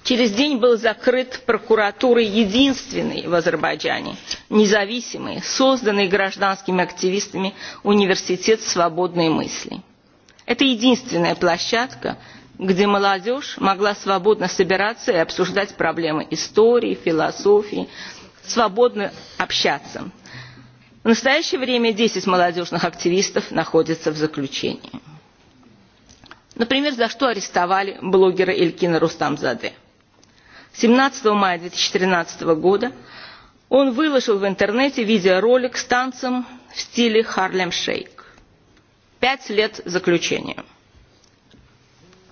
через день был закрыт прокуратурой единственный в азербайджане независимый созданный гражданскими активистами университет свободной мысли. это единственная площадка где молодежь могла свободно собираться и обсуждать проблемы истории философии свободно общаться в настоящее время 10 молодежных активистов находятся в заключении например за что арестовали блогера элькина рустамзаде 17 мая 2013 года он выложил в интернете видеоролик с танцем в стиле харлем шейк пять лет заключения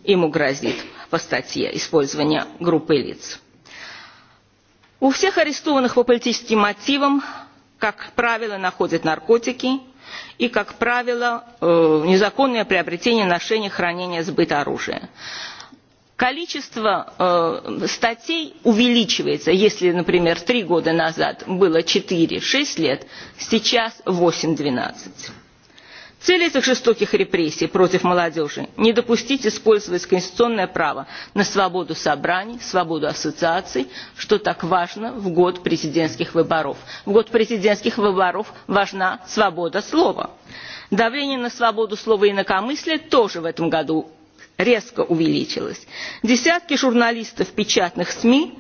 ему грозит по статье использования группы лиц у всех арестованных по политическим мотивам как правило находят наркотики и как правило незаконное приобретение ношение хранение сбыт оружия количество э, статей увеличивается если например три года назад было четыре шесть лет сейчас восемь двенадцать Цель этих жестоких репрессий против молодежи – не допустить использовать конституционное право на свободу собраний, свободу ассоциаций, что так важно в год президентских выборов. В год президентских выборов важна свобода слова. Давление на свободу слова и инакомыслия тоже в этом году резко увеличилось. Десятки журналистов печатных СМИ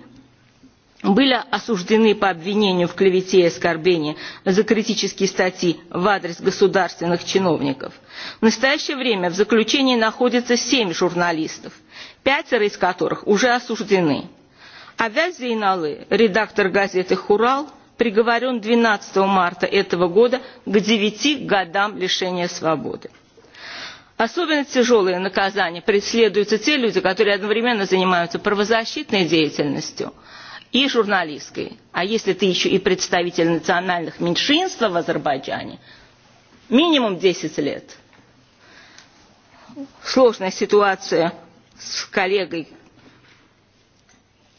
были осуждены по обвинению в клевете и оскорблении за критические статьи в адрес государственных чиновников. В настоящее время в заключении находятся семь журналистов, пятеро из которых уже осуждены. Авяз Зейналы, редактор газеты «Хурал», приговорен 12 марта этого года к 9 годам лишения свободы. Особенно тяжелые наказания преследуются те люди, которые одновременно занимаются правозащитной деятельностью – и журналистской, а если ты еще и представитель национальных меньшинств в Азербайджане, минимум 10 лет. Сложная ситуация с коллегой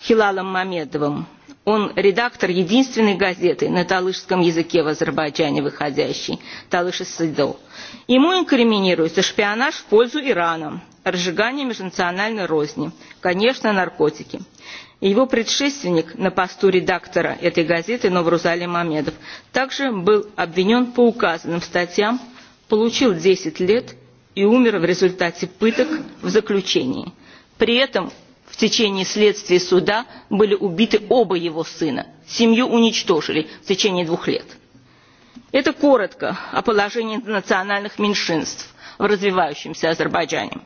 Хилалом Мамедовым. Он редактор единственной газеты на талышском языке в Азербайджане выходящей, Талыш Исайдо. Ему инкриминируется шпионаж в пользу Ирана, разжигание межнациональной розни, конечно, наркотики – его предшественник на посту редактора этой газеты Новрузали Мамедов также был обвинен по указанным статьям, получил 10 лет и умер в результате пыток в заключении. При этом в течение следствия суда были убиты оба его сына. Семью уничтожили в течение двух лет. Это коротко о положении национальных меньшинств в развивающемся Азербайджане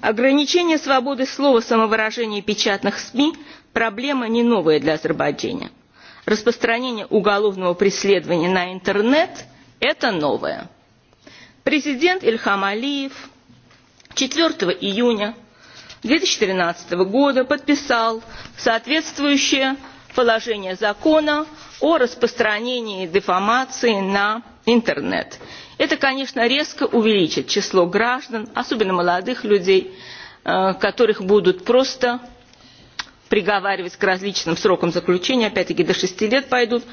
ограничение свободы слова самовыражения печатных сми проблема не новая для азербайджана распространение уголовного преследования на интернет это новое президент ильхам алиев четвертого июня две тысячи тринадцатого года подписал соответствующее положение закона о распространении дефамации на интернет это конечно резко увеличит число граждан особенно молодых людей которых будут просто приговаривать к различным срокам заключения опять таки до шести лет пойдут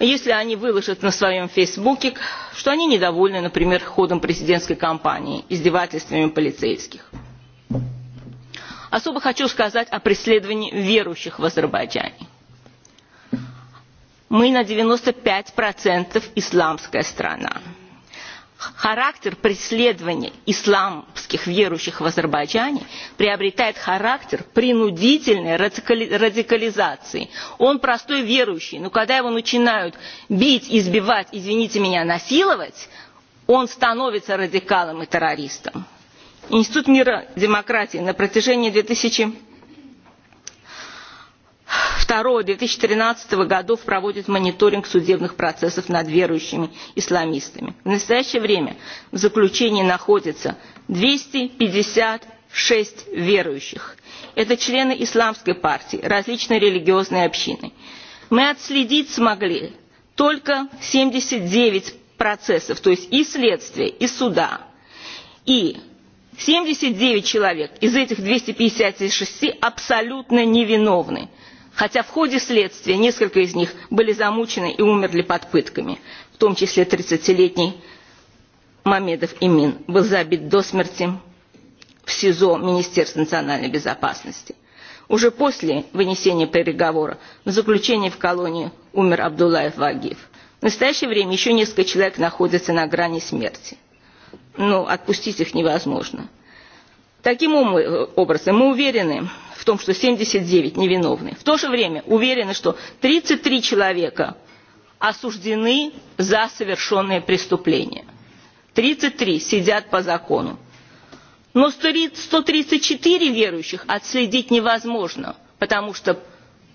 если они выложат на своем фейсбуке что они недовольны например ходом президентской кампании издевательствами полицейских. особо хочу сказать о преследовании верующих в азербайджане. мы на девяносто пять процентов исламская страна характер преследования исламских верующих в азербайджане приобретает характер принудительной радикализации он простой верующий но когда его начинают бить избивать извините меня насиловать он становится радикалом и террористом. институт мира демократии на протяжении две тысячи второе две тысячи тринадцатого годов проводит мониторинг судебных процессов над верующими исламистами в настоящее время в заключении находится двести пятьдесят шесть верующих это члены исламской партии различной религиозной общины мы отследить смогли только семьдесят девять процессов то есть и следствия и суда и семьдесят девять человек из этих двести пятьдесят шесть абсолютно невиновны хотя в ходе следствия несколько из них были замучены и умерли под пытками в том числе 30 летний мамедов имин был забит до смерти в сизо министерства национальной безопасности уже после вынесения переговора на заключение в колонии умер абдулаев вагиев в настоящее время еще несколько человек находятся на грани смерти но отпустить их невозможно таким образом мы уверены в том, что 79 невиновны. В то же время уверены, что 33 человека осуждены за совершенные преступления. 33 сидят по закону. Но 134 верующих отследить невозможно, потому что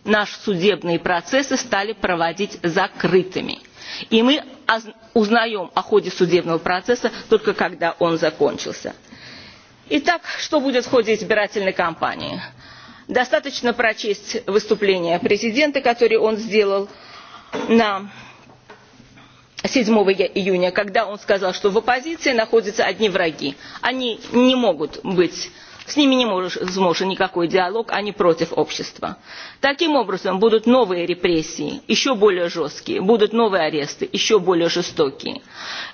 наши судебные процессы стали проводить закрытыми. И мы узнаем о ходе судебного процесса только когда он закончился. Итак, что будет в ходе избирательной кампании? достаточно прочесть выступление президента которое он сделал на 7 июня когда он сказал что в оппозиции находятся одни враги они не могут быть с ними невозможен никакой диалог они против общества. таким образом будут новые репрессии еще более жесткие будут новые аресты еще более жестокие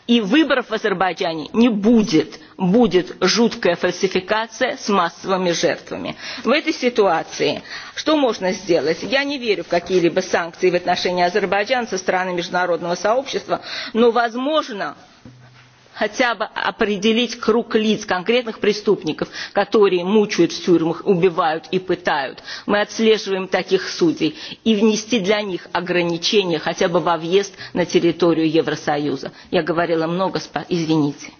и выборов в азербайджане не будет будет жуткая фальсификация с массовыми жертвами. в этой ситуации что можно сделать? я не верю в какие либо санкции в отношении азербайджана со стороны международного сообщества но возможно хотя бы определить круг лиц конкретных преступников которые мучают в тюрьмах убивают и пытают мы отслеживаем таких судей и внести для них ограничения хотя бы во въезд на территорию евросоюза я говорила много извините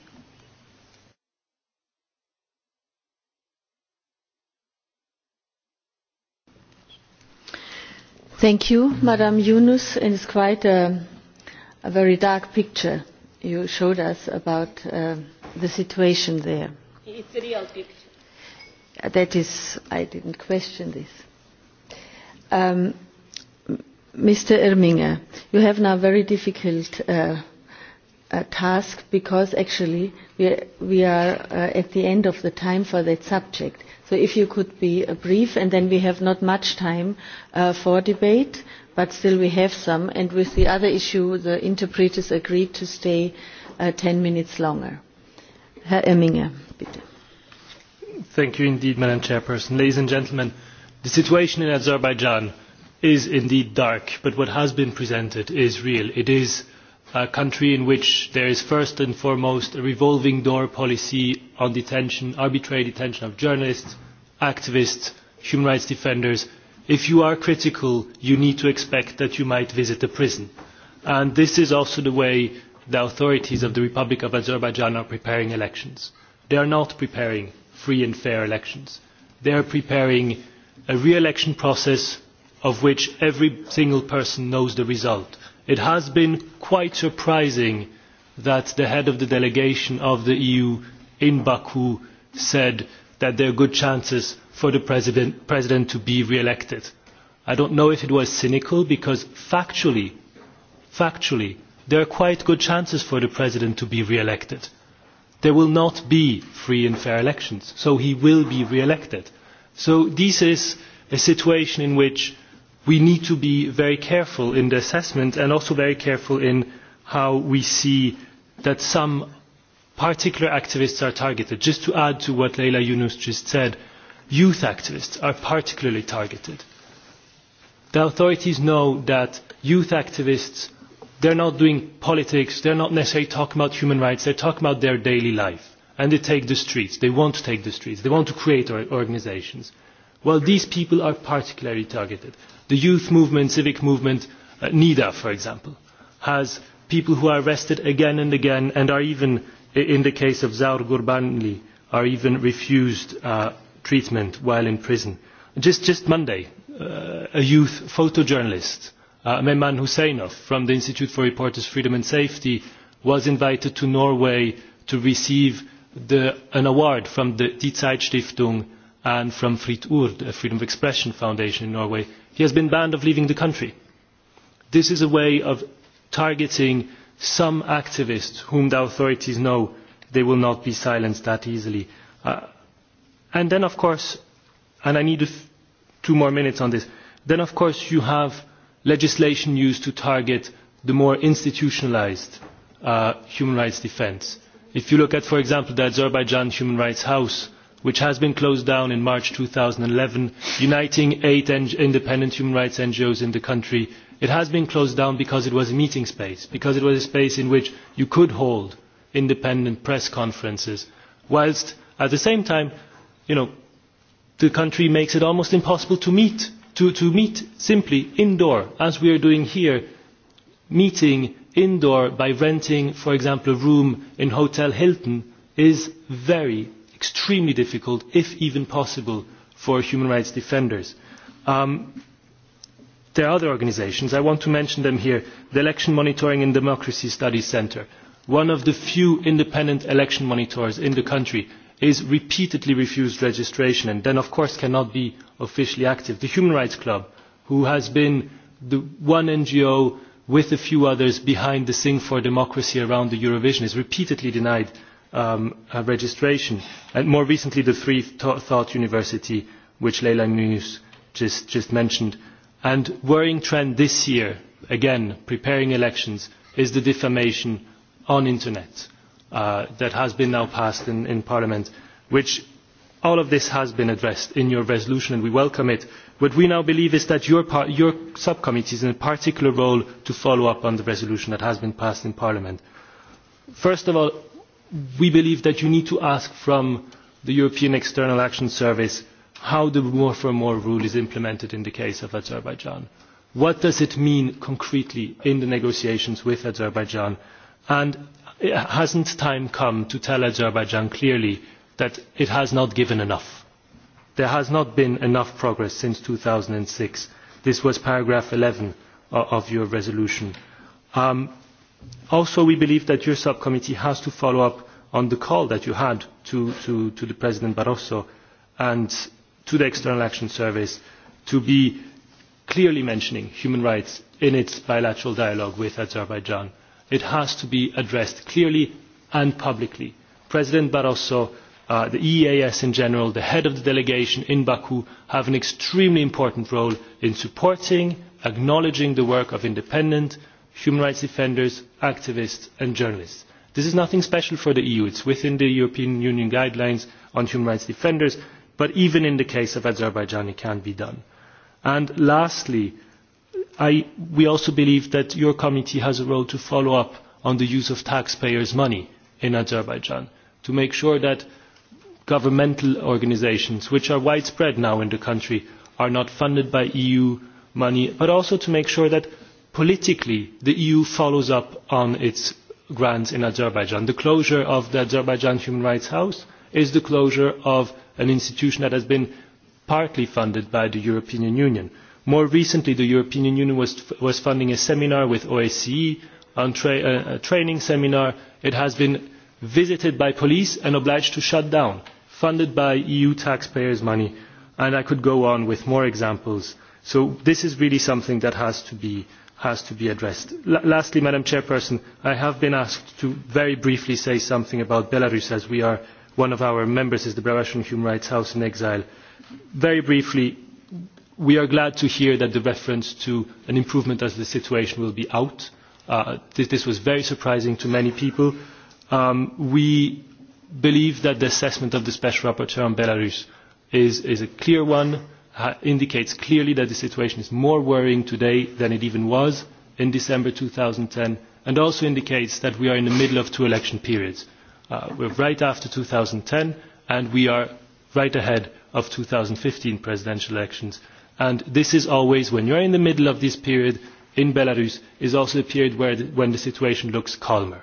Thank you, Madam Yunus. And it's quite a, a very dark picture you showed us about uh, the situation there. It's a real picture. That is, I didn't question this. Um, Mr. Erminger, you have now very difficult uh, a task because actually we are, we are uh, at the end of the time for that subject. So if you could be uh, brief, and then we have not much time uh, for debate but still we have some. And with the other issue, the interpreters agreed to stay uh, 10 minutes longer. Herr Emminger, bitte. Thank you indeed, Madam Chairperson. Ladies and gentlemen, the situation in Azerbaijan is indeed dark, but what has been presented is real. It is a country in which there is first and foremost a revolving door policy on detention, arbitrary detention of journalists, activists, human rights defenders, if you are critical you need to expect that you might visit a prison and this is also the way the authorities of the Republic of Azerbaijan are preparing elections. They are not preparing free and fair elections. They are preparing a re-election process of which every single person knows the result. It has been quite surprising that the head of the delegation of the EU in Baku said that there are good chances for the president, to be re-elected. I don't know if it was cynical because factually, factually, there are quite good chances for the president to be re-elected. There will not be free and fair elections, so he will be re-elected. So this is a situation in which we need to be very careful in the assessment and also very careful in how we see that some particular activists are targeted. Just to add to what Leila Yunus just said, youth activists are particularly targeted. The authorities know that youth activists, they're not doing politics, they're not necessarily talking about human rights, they're talking about their daily life. And they take the streets, they want to take the streets, they want to create organizations. Well, these people are particularly targeted. The youth movement, civic movement, uh, NIDA, for example, has people who are arrested again and again and are even, in the case of Zaur Gurbanli, are even refused uh, treatment while in prison. Just, just Monday, uh, a youth photojournalist, uh, Mehman Husseinov from the Institute for Reporters' Freedom and Safety, was invited to Norway to receive the, an award from the Die Zeitstiftung and from Fritt Urd, a freedom of expression foundation in Norway. He has been banned of leaving the country. This is a way of targeting some activists whom the authorities know they will not be silenced that easily. Uh, and then of course and i need two more minutes on this then of course you have legislation used to target the more institutionalised uh, human rights defence. if you look at for example the azerbaijan human rights house which has been closed down in march two thousand and eleven uniting eight independent human rights ngos in the country it has been closed down because it was a meeting space because it was a space in which you could hold independent press conferences whilst at the same time you know, the country makes it almost impossible to meet, to, to meet simply indoor, as we are doing here, meeting indoor by renting, for example, a room in Hotel Hilton is very, extremely difficult, if even possible, for human rights defenders. Um, there are other organisations. I want to mention them here. The Election Monitoring and Democracy Studies Centre, one of the few independent election monitors in the country is repeatedly refused registration and then of course cannot be officially active. The Human Rights Club, who has been the one NGO with a few others behind the Sing for Democracy around the Eurovision, is repeatedly denied um, uh, registration. And more recently, the Free Thought University, which Leila Muniz just, just mentioned. And worrying trend this year, again, preparing elections, is the defamation on internet Uh, that has been now passed in, in Parliament, which all of this has been addressed in your resolution and we welcome it. What we now believe is that your, your subcommittee is in a particular role to follow up on the resolution that has been passed in Parliament. First of all, we believe that you need to ask from the European External Action Service how the more for more rule is implemented in the case of Azerbaijan. What does it mean concretely in the negotiations with Azerbaijan? And has hasn't time come to tell azerbaijan clearly that it has not given enough? there has not been enough progress since. two thousand and six this was paragraph eleven of your resolution. Um, also we believe that your subcommittee has to follow up on the call that you had to, to, to the president barroso and to the external action service to be clearly mentioning human rights in its bilateral dialogue with azerbaijan it has to be addressed clearly and publicly. president barroso uh, the eeas in general the head of the delegation in baku have an extremely important role in supporting acknowledging the work of independent human rights defenders activists and journalists. this is nothing special for the eu it is within the european union guidelines on human rights defenders but even in the case of azerbaijan it can be done. And lastly I, we also believe that your committee has a role to follow up on the use of taxpayers' money in Azerbaijan to make sure that governmental organisations, which are widespread now in the country, are not funded by EU money, but also to make sure that politically the EU follows up on its grants in Azerbaijan. The closure of the Azerbaijan Human Rights House is the closure of an institution that has been partly funded by the European Union More recently, the European Union was, funding a seminar with OSCE, uh, a training seminar. It has been visited by police and obliged to shut down, funded by EU taxpayers' money. And I could go on with more examples. So this is really something that has to be, addressed. lastly, Madam Chairperson, I have been asked to very briefly say something about Belarus, as we are one of our members is the Belarusian Human Rights House in Exile. Very briefly, we are glad to hear that the reference to an improvement as the situation will be out. Uh, this, this was very surprising to many people. Um, we believe that the assessment of the Special Rapporteur on Belarus is, is a clear one, uh, indicates clearly that the situation is more worrying today than it even was in December 2010, and also indicates that we are in the middle of two election periods. Uh, we're right after 2010, and we are right ahead of 2015 presidential elections and this is always when you are in the middle of this period in belarus is also a period where the, when the situation looks calmer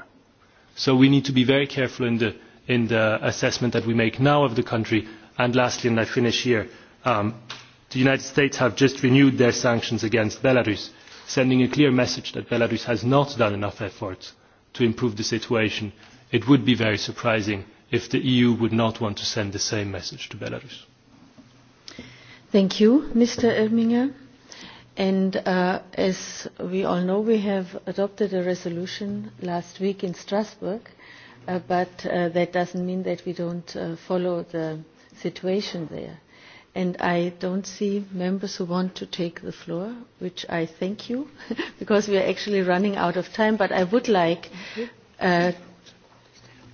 so we need to be very careful in the, in the assessment that we make now of the country and lastly and i finish here um, the united states have just renewed their sanctions against belarus sending a clear message that belarus has not done enough efforts to improve the situation. it would be very surprising if the eu would not want to send the same message to belarus. Thank you, Mr. Erminger. And uh, as we all know, we have adopted a resolution last week in Strasbourg, uh, but uh, that doesn't mean that we don't uh, follow the situation there. And I don't see members who want to take the floor, which I thank you, because we are actually running out of time. But I would like. Uh,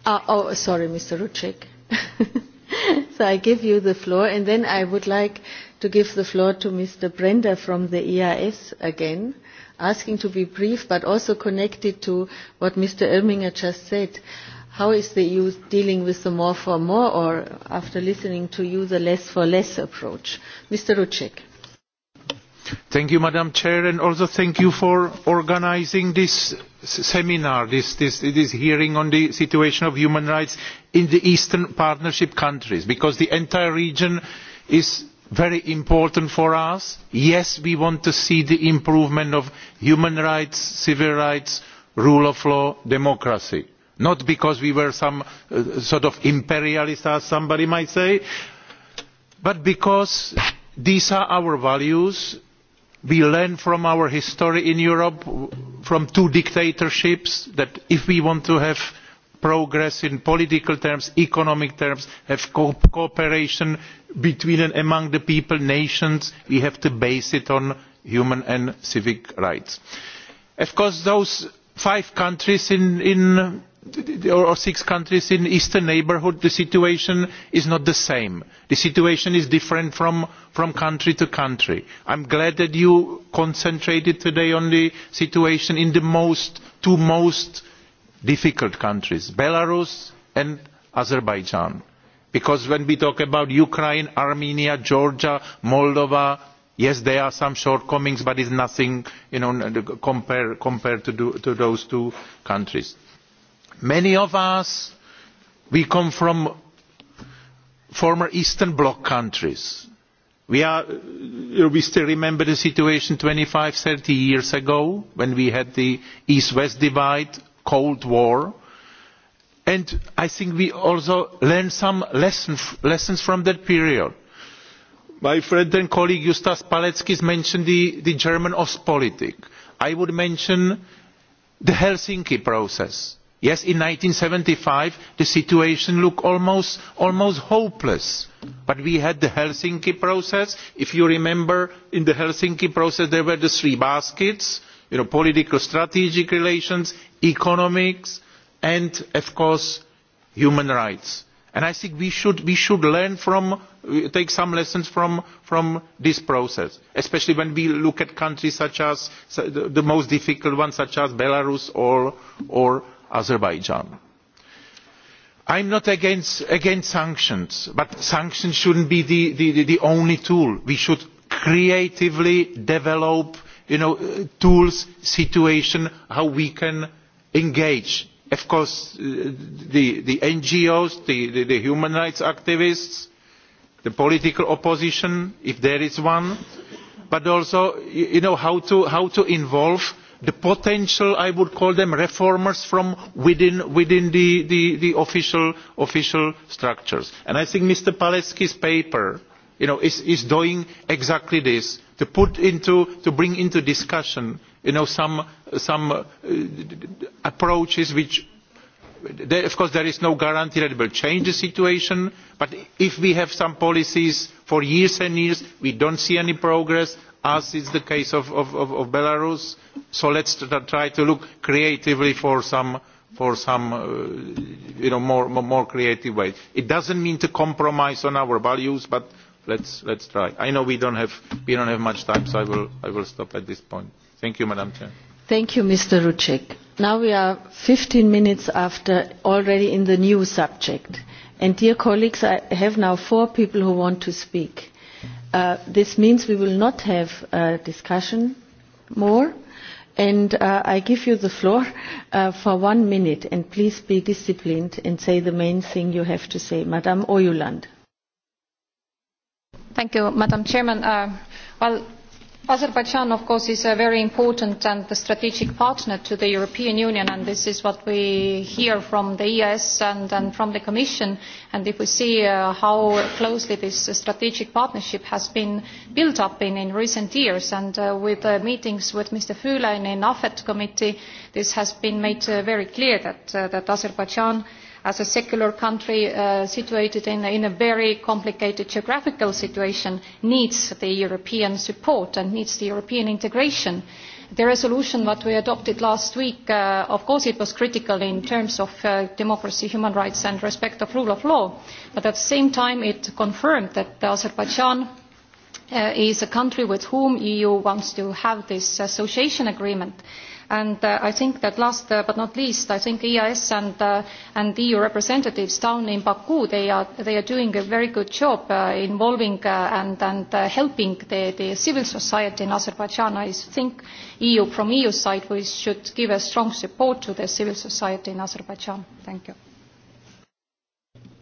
uh, oh, sorry, Mr. Rucic. so I give you the floor, and then I would like to give the floor to Mr. Brenda from the EIS again, asking to be brief but also connected to what Mr. Erminger just said. How is the EU dealing with the more for more or, after listening to you, the less for less approach? Mr. Rucek. Thank you, Madam Chair, and also thank you for organizing this seminar, this, this, this hearing on the situation of human rights in the Eastern Partnership countries, because the entire region is very important for us. yes we want to see the improvement of human rights civil rights rule of law democracy not because we were some uh, sort of imperialists as somebody might say but because these are our values. we learn from our history in europe from two dictatorships that if we want to have progress in political terms economic terms have cooperation between and among the people nations we have to base it on human and civic rights. of course those five countries in, or six countries in the eastern neighbourhood the situation is not the same. the situation is different from, from country to country. i am glad that you concentrated today on the situation in the most, two most difficult countries belarus and azerbaijan because when we talk about ukraine armenia georgia moldova yes there are some shortcomings but it is nothing you know, compared, compared to, to those two countries. many of us we come from former eastern bloc countries. We, are, uh, we still remember the situation twenty five thirty years ago when we had the east west divide cold war and i think we also learned some lessons from that period. my friend and colleague justas paleckis mentioned the, the german ostpolitik. i would mention the helsinki process. yes in one thousand nine hundred and seventy five the situation looked almost, almost hopeless but we had the helsinki process. if you remember in the helsinki process there were the three baskets you know, political strategic relations, economics, and of course, human rights. And I think we should, we should learn from, take some lessons from, from this process, especially when we look at countries such as the, most difficult ones, such as Belarus or, or Azerbaijan i am not against, against sanctions but sanctions should not be the, the, the only tool. we should creatively develop you know, uh, tools, situation, how we can engage. Of course, uh, the, the NGOs, the, the, the human rights activists, the political opposition, if there is one, but also you know, how, to, how to involve the potential, I would call them reformers from within, within the, the, the official, official structures. And I think Mr. Paleski's paper is, doing exactly this to bring into discussion some uh, approaches which of course there is no guarantee that will change the situation but if we have some policies for years and years and we do not see any progress as is the case of, Belarus so let us try to look creatively for some uh, more, creative ways. It does not mean to compromise on our values but let's let's try. I know we don't have we don't have much time, so I will I will stop at this point. Thank you, Madam Chair. Thank you, Mr. Rucek. Now we are 15 minutes after already in the new subject. And dear colleagues, I have now four people who want to speak. Uh, this means we will not have a discussion more. And uh, I give you the floor uh, for one minute. And please be disciplined and say the main thing you have to say. Madame Oyuland. Thank you, Madam Chairman. Uh, well, azerbaijan of course is a very important and strategic partner to the european union and this is what we hear from the eeas and, and from the commission and if we see uh, how closely this strategic partnership has been built up in, in recent years and uh, with uh, meetings with mr fle in the afet committee this has been made uh, very clear that, uh, that azerbaijan is as a secular country uh, situated in, a very complicated geographical situation needs the European support and needs the European integration. The resolution that we adopted last week, was uh, of course it was critical in terms of uh, democracy, human rights and respect of rule of law, but at the same time it confirmed that Azerbaijan is a country with whom EU wants to have this association agreement and uh, i think that last uh, but not least i think eeas and, uh, and eu representatives down in baku they are, they are doing a very good job uh, involving uh, and, and uh, helping the, the civil society in azerbaijan. i think EU, from eu side we should give a strong support to the civil society in azerbaijan. thank you.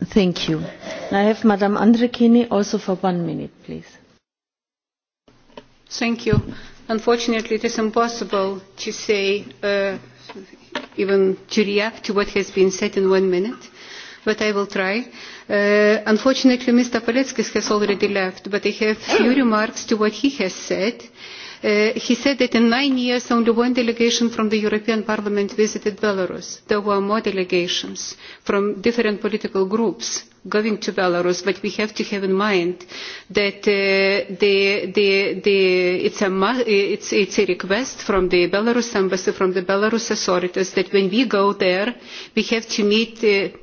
Thank you. I have Madame Andrekini also for one minute, please. Thank you. Unfortunately, it is impossible to say, uh, even to react to what has been said in one minute, but I will try. Uh, unfortunately, Mr. Paletskis has already left, but I have few remarks to what he has said Uh, he said that in nine years only one delegation from the European Parliament visited Belarus. There were more delegations from different political groups going to Belarus, but we have to have in mind that uh, it is a, request from the Belarus embassy, from the Belarus authorities, that when we go there, we have to meet uh,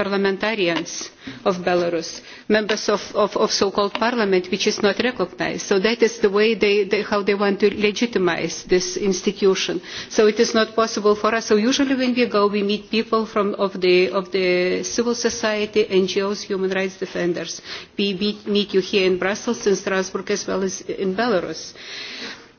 parliamentarians of Belarus, members of, the so-called parliament, which is not recognised So that is the way they, they, how they want to legitimise this institution. So it is not possible for us. So usually when we go, we meet people from of the, of the civil society, NGOs, human rights defenders. We meet, meet you here in Brussels, in Strasbourg, as well as in Belarus.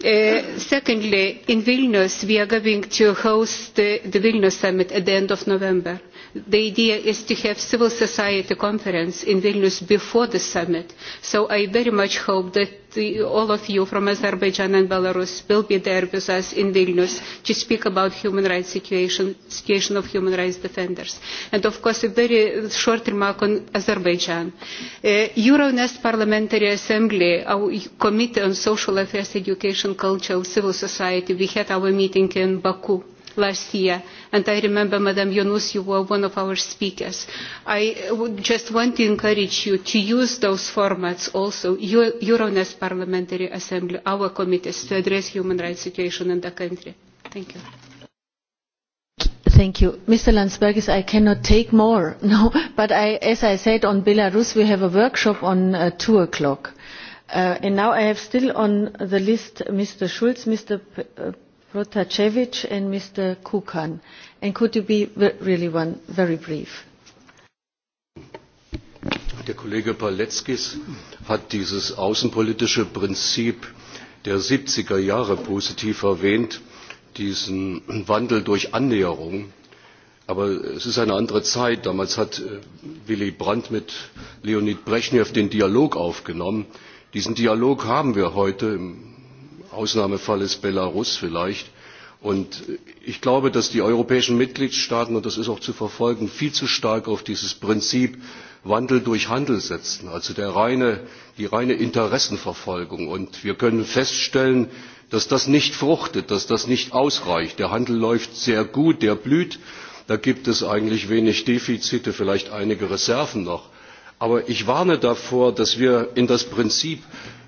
Uh, secondly in vilnius we are going to host the, the vilnius summit at the end of november the idea is to have civil society conference in Vilnius before the summit. So I very much hope that the, all of you from Azerbaijan and Belarus will be there with us in Vilnius to speak about human rights situation, situation of human rights defenders. And of course, a very short remark on Azerbaijan. Uh, Euronest Parliamentary Assembly, our Committee on Social Affairs, Education, Culture, Civil Society, we had our meeting in Baku last year. And I remember, Madam Yunus, you were one of our speakers. I would just want to encourage you to use those formats also, Euronest Parliamentary Assembly, our committees, to address human rights situation in the country. Thank you. Thank you. Mr. Landsbergis, I cannot take more, no, but I, as I said on Belarus, we have a workshop on uh, 2 o'clock. Uh, and now I have still on the list Mr. Schulz, Mr. P uh, Rotacevic and Mr. Kukan. And could you be really one very brief? Der Kollege Paleckis hat dieses außenpolitische Prinzip der 70er Jahre positiv erwähnt, diesen Wandel durch Annäherung. Aber es ist eine andere Zeit. Damals hat äh, Willy Brandt mit Leonid Brezhnev den Dialog aufgenommen. Diesen Dialog haben wir heute im Ausnahmefall ist Belarus vielleicht. Und ich glaube, dass die europäischen Mitgliedstaaten, und das ist auch zu verfolgen, viel zu stark auf dieses Prinzip Wandel durch Handel setzen, also der reine, die reine Interessenverfolgung. Und wir können feststellen, dass das nicht fruchtet, dass das nicht ausreicht. Der Handel läuft sehr gut, der blüht. Da gibt es eigentlich wenig Defizite, vielleicht einige Reserven noch aber ich warne davor dass wir in das prinzip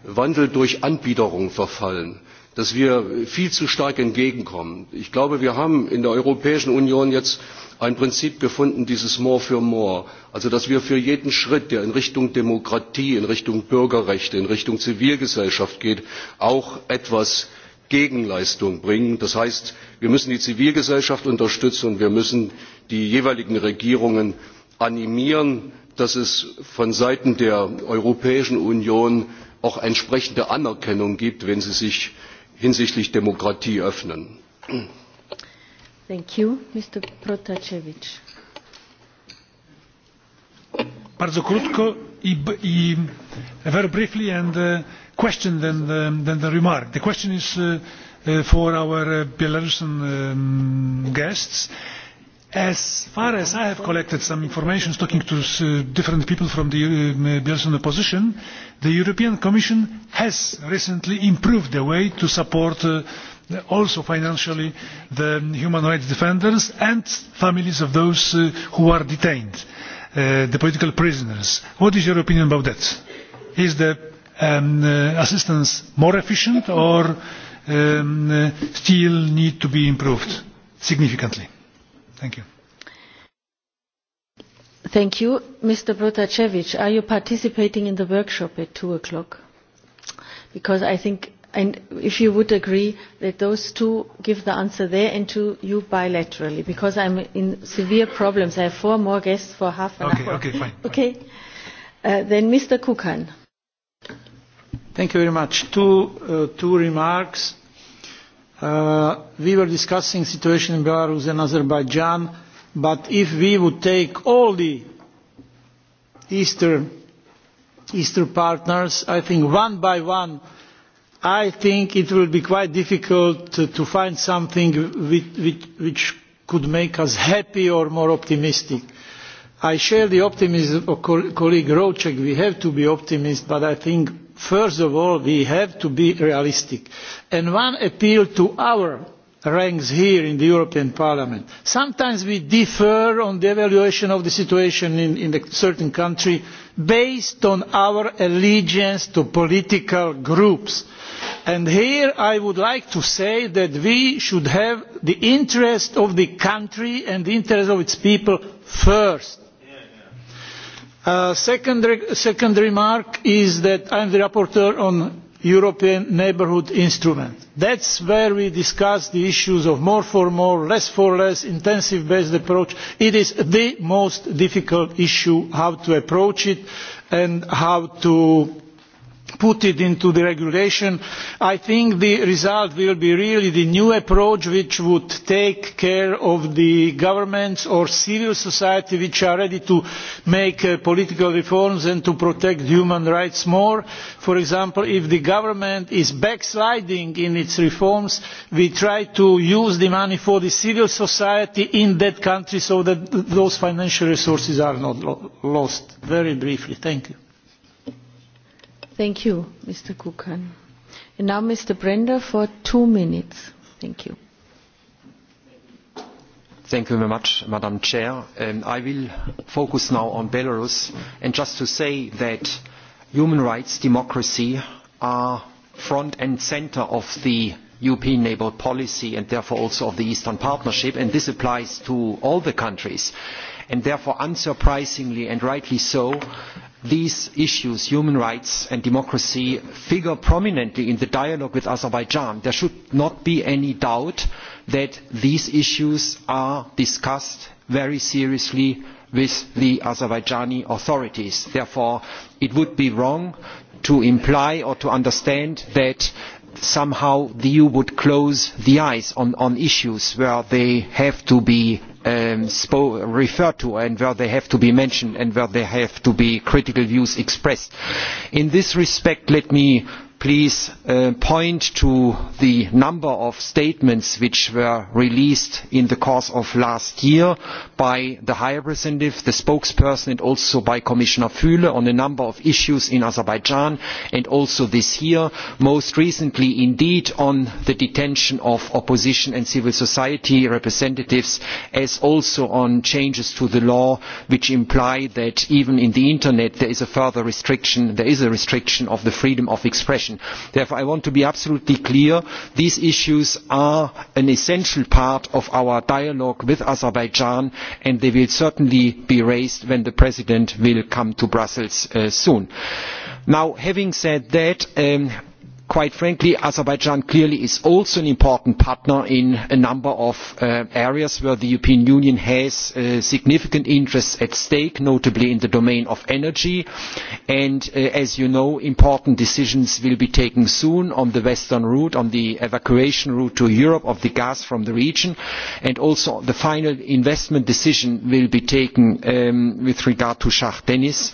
wandel durch anbiederung verfallen dass wir viel zu stark entgegenkommen. ich glaube wir haben in der europäischen union jetzt ein prinzip gefunden dieses more for more also dass wir für jeden schritt der in richtung demokratie in richtung bürgerrechte in richtung zivilgesellschaft geht auch etwas gegenleistung bringen. das heißt wir müssen die zivilgesellschaft unterstützen und wir müssen die jeweiligen regierungen animieren dass es von seiten der europäischen union auch entsprechende anerkennung gibt wenn sie sich hinsichtlich demokratie öffnen. bardzo krótko i, very briefly and uh, question then then the remark. the question is uh, uh, for our belarusian um, guests As far as I have collected some information talking to uh, different people from the um, uh, Belarusian opposition, the European Commission has recently improved the way to support uh, also financially the human rights defenders and families of those uh, who are detained, uh, the political prisoners. What is your opinion about that? Is the um, uh, assistance more efficient or um, uh, still need to be improved significantly? Thank you. Thank you. Mr. Protasevich, are you participating in the workshop at 2 o'clock? Because I think, and if you would agree, that those two give the answer there and to you bilaterally, because I'm in severe problems. I have four more guests for half an okay, hour. Okay, fine. Okay. Fine. Uh, then Mr. Kukan. Thank you very much. Two, uh, two remarks Uh, we were discussing situation in Belarus and Azerbaijan, but if we would take all the Eastern, Eastern partners, I think one by one, I think it will be quite difficult to, to find something which, which, which could make us happy or more optimistic. I share the optimism of co colleague Rocek. We have to be optimists, but I think first of all we have to be realistic and one appeal to our ranks here in the european parliament sometimes we differ on the evaluation of the situation in, in a certain country based on our allegiance to political groups and here i would like to say that we should have the interest of the country and the interest of its people first Uh, a second, remark is that i am the rapporteur on the european neighbourhood instrument. that is where we discuss the issues of more for more less for less intensive based approach. it is the most difficult issue how to approach it and how put it into the regulation i think the result will be really the new approach which would take care of the governments or civil society which are ready to make uh, political reforms and to protect human rights more. for example if the government is backsliding in its reforms we try to use the money for the civil society in that country so that those financial resources are not lost. very briefly thank you. Thank you, Mr. Kukan. And now Mr. Brender for two minutes. Thank you. Thank you very much, Madam Chair. Um, I will focus now on Belarus and just to say that human rights, democracy are front and centre of the European neighbourhood policy and therefore also of the Eastern Partnership and this applies to all the countries. And therefore, unsurprisingly and rightly so, these issues human rights and democracy figure prominently in the dialogue with azerbaijan there should not be any doubt that these issues are discussed very seriously with the azerbaijani authorities. therefore it would be wrong to imply or to understand that somehow the EU would close the eyes on, on issues where they have to be um, referred to and where they have to be mentioned and where they have to be critical views expressed. In this respect, let me please uh, point to the number of statements which were released in the course of last year by the high representative the spokesperson and also by commissioner füle on a number of issues in azerbaijan and also this year most recently indeed on the detention of opposition and civil society representatives as also on changes to the law which imply that even in the internet there is a further restriction there is a restriction of the freedom of expression legislation. therefore i want to be absolutely clear these issues are an essential part of our dialogue with azerbaijan and they will certainly be raised when the president comes to brussels uh, soon. Now, having said that um, quite frankly azerbaijan clearly is also an important partner in a number of uh, areas where the european union has uh, significant interests at stake notably in the domain of energy and uh, as you know important decisions will be taken soon on the western route on the evacuation route to europe of the gas from the region and also the final investment decision will be taken um, with regard to shah deniz.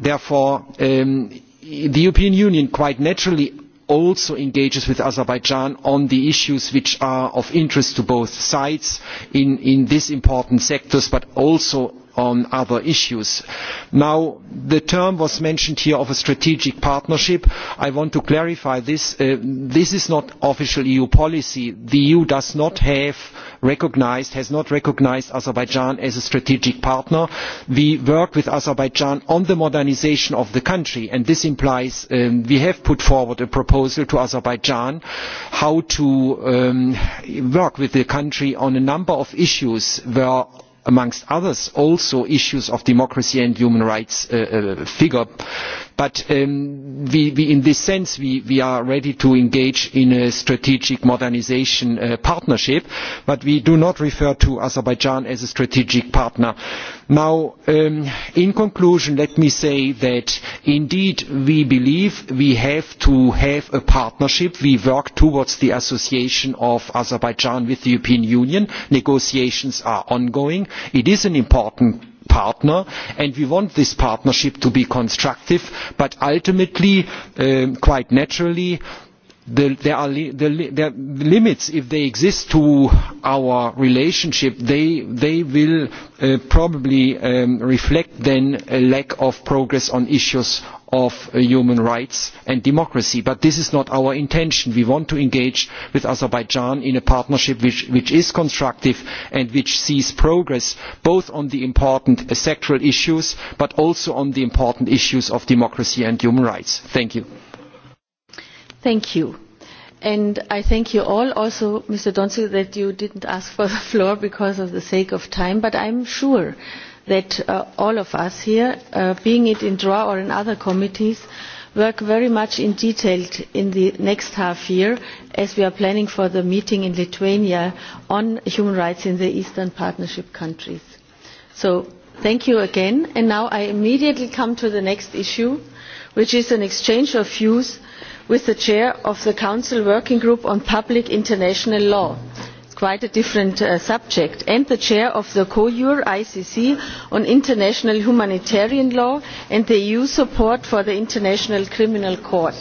therefore um, the european union quite naturally also engages with azerbaijan on the issues which are of interest to both sides in, these important sectors but also on other issues. Now, the term was mentioned here of a strategic partnership. I want to clarify this. Uh, this is not official EU policy. The EU does not have Recognised has not recognised Azerbaijan as a strategic partner. We work with Azerbaijan on the modernisation of the country, and this implies that um, we have put forward a proposal to Azerbaijan how to um, work with the country on a number of issues where amongst others also issues of democracy and human rights uh, uh, figure but um, in this sense we, are ready to engage in a strategic modernisation uh, partnership but we do not refer to Azerbaijan as a strategic partner. Um, in conclusion, let me say that indeed we believe we have to have a partnership. We work towards the association of Azerbaijan with the European Union. Negotiations are ongoing. It is an important partner and we want this partnership to be constructive but ultimately um, quite naturally the, there are li the, limits if they exist to our relationship they, they will uh, probably um, reflect then a lack of progress on issues of uh, human rights and democracy. But this is not our intention. We want to engage with Azerbaijan in a partnership which, is constructive and which sees progress both on the important uh, sectoral issues but also on the important issues of democracy and human rights. Thank you. Thank you and i thank you all also mr donskis that you did not ask for the floor because of the sake of time but i am sure that that uh, all of us here, be uh, being it in DRAW or in other committees, work very much in detail in the next half year as we are planning for the meeting in Lithuania on human rights in the Eastern Partnership countries. So thank you again. And now I immediately come to the next issue, which is an exchange of views with the chair of the Council Working Group on Public International Law, quite a different uh, subject and the chair of the coeur icc on international humanitarian law and the eu support for the international criminal court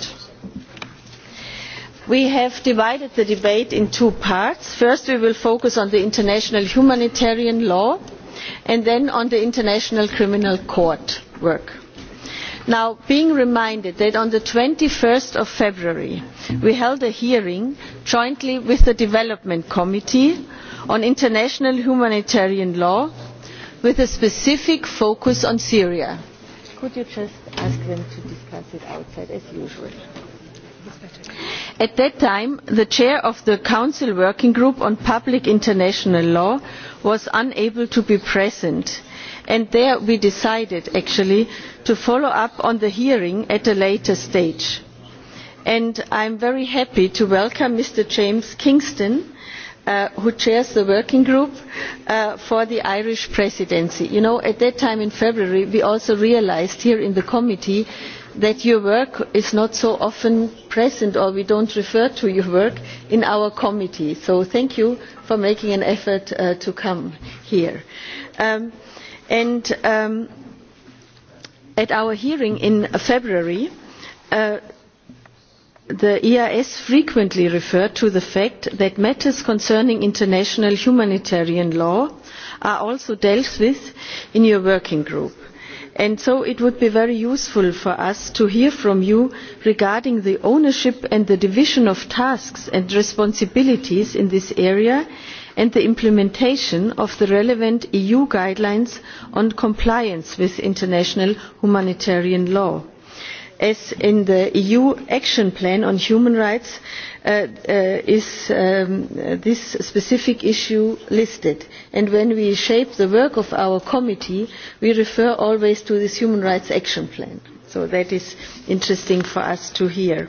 we have divided the debate into two parts. first we will focus on the international humanitarian law and then on the international criminal court work now being reminded that on twenty one february we held a hearing jointly with the development committee on international humanitarian law with a specific focus on syria could you just ask them to discuss it outside as usual? at that time the chair of the council working group on public international law was unable to be present and there we decided actually to follow up on the hearing at a later stage. i am very happy to welcome mr james kingston Uh, who chairs the working group uh, for the irish presidency. You know, at that time in february we also realised here in the committee that your work is not so often present or we do not refer to your work in our committee so thank you for making an effort uh, to come here. Um, And um, at our hearing in February, uh, the eeas frequently referred to the fact that matters concerning international humanitarian law are also dealt with in your working group and so it would be very useful for us to hear from you regarding the ownership and the division of tasks and responsibilities in this area and and the implementation of the relevant eu guidelines on compliance with international humanitarian law as in the eu action plan on human rights uh, uh, is um, this specific issue listed and when we shape the work of our committee we refer always to this human rights action plan so that is interesting for us to hear.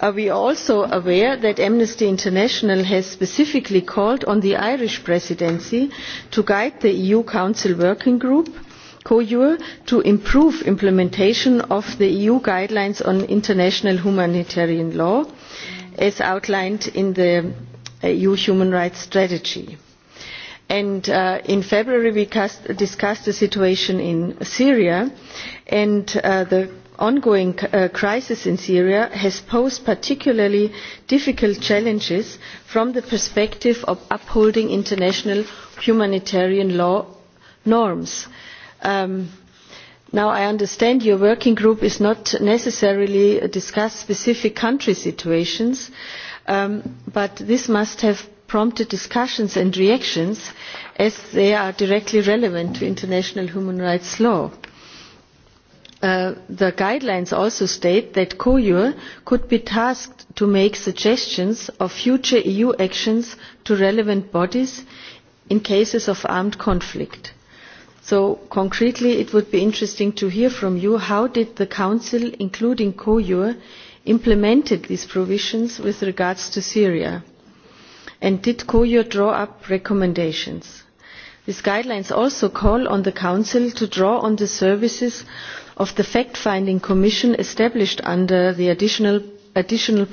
Uh, we are also aware that amnesty international has specifically called on the irish presidency to guide the eu council working group cour to improve implementation of the eu guidelines on international humanitarian law as outlined in the uh, eu human rights strategy. Uh, in february we discussed the situation in syria and the ongoing uh, crisis in syria has posed particularly difficult challenges from the perspective of upholding international humanitarian law norms. Um, now i understand your working group is not necessarily discussing specific country situations um, but this must have prompted discussions and reactions as they are directly relevant to international human rights law. Uh, the guidelines also state that cour could be tasked to make suggestions of future eu actions to relevant bodies in cases of armed conflict. so concretely it would be interesting to hear from you how did the council including cour implement these provisions with regard to syria and did cour draw up recommendations? these guidelines also call on the council to draw on the services of the fact finding commission established under the additional,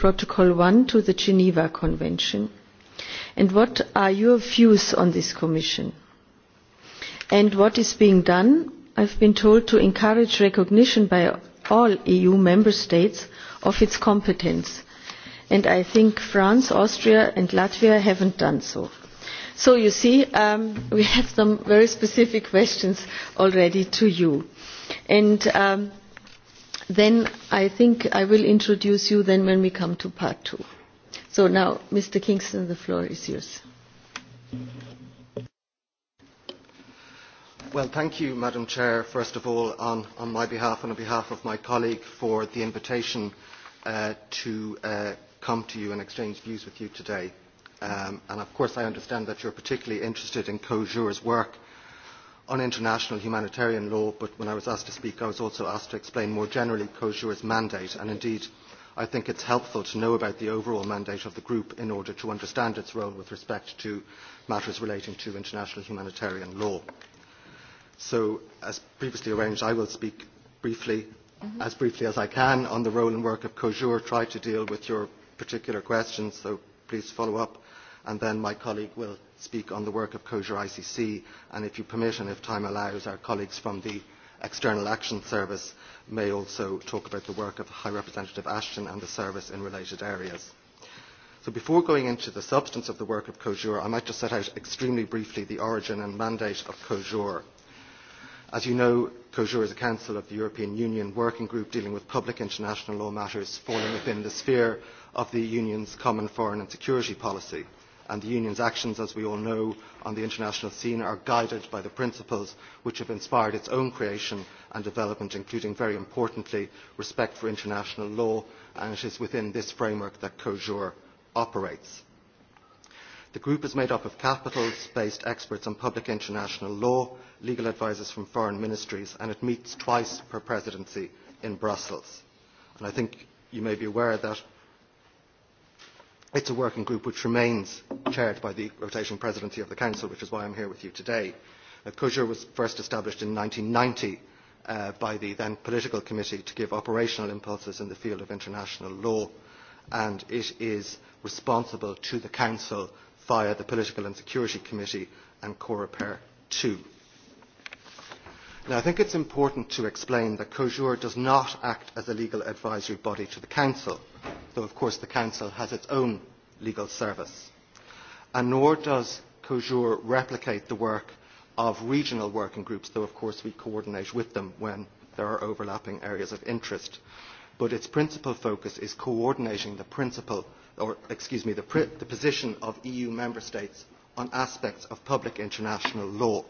protocol i to the geneva convention and what are your views on this commission and what is being done i have been told to encourage recognition by all eu member states of its competence and i think france austria and latvia have not done so. so you see um, we have some very specific questions already to you. And um, then I think I will introduce you then when we come to part two. So now, Mr. Kingston, the floor is yours. Well, thank you, Madam Chair, first of all, on, on my behalf and on behalf of my colleague for the invitation uh, to uh, come to you and exchange views with you today. Um, and of course, I understand that you're particularly interested in COJUR's work on international humanitarian law, but when I was asked to speak, I was also asked to explain more generally COSURE's mandate, and indeed I think it's helpful to know about the overall mandate of the group in order to understand its role with respect to matters relating to international humanitarian law. So, as previously arranged, I will speak briefly, mm-hmm. as briefly as I can, on the role and work of COSURE, try to deal with your particular questions, so please follow up and then my colleague will speak on the work of Kosher ICC, and if you permit and if time allows, our colleagues from the External Action Service may also talk about the work of High Representative Ashton and the service in related areas. So before going into the substance of the work of COJUR, I might just set out extremely briefly the origin and mandate of COJUR. As you know, COJUR is a Council of the European Union working group dealing with public international law matters falling within the sphere of the Union's common foreign and security policy and the union's actions as we all know on the international scene are guided by the principles which have inspired its own creation and development including very importantly respect for international law and it is within this framework that cosur operates. the group is made up of capitals based experts on public international law legal advisers from foreign ministries and it meets twice per presidency in brussels. And i think you may be aware that it is a working group which remains chaired by the rotation presidency of the council which is why i am here with you today. cosur uh, was first established in one thousand nine hundred and ninety uh, by the then political committee to give operational impulses in the field of international law and it is responsible to the council via the political and security committee and coreper ii. Now, I think it's important to explain that COSUR does not act as a legal advisory body to the Council, though of course the Council has its own legal service. And nor does COSUR replicate the work of regional working groups, though of course we coordinate with them when there are overlapping areas of interest. But its principal focus is coordinating the principle, or excuse me, the, the position of EU member states on aspects of public international law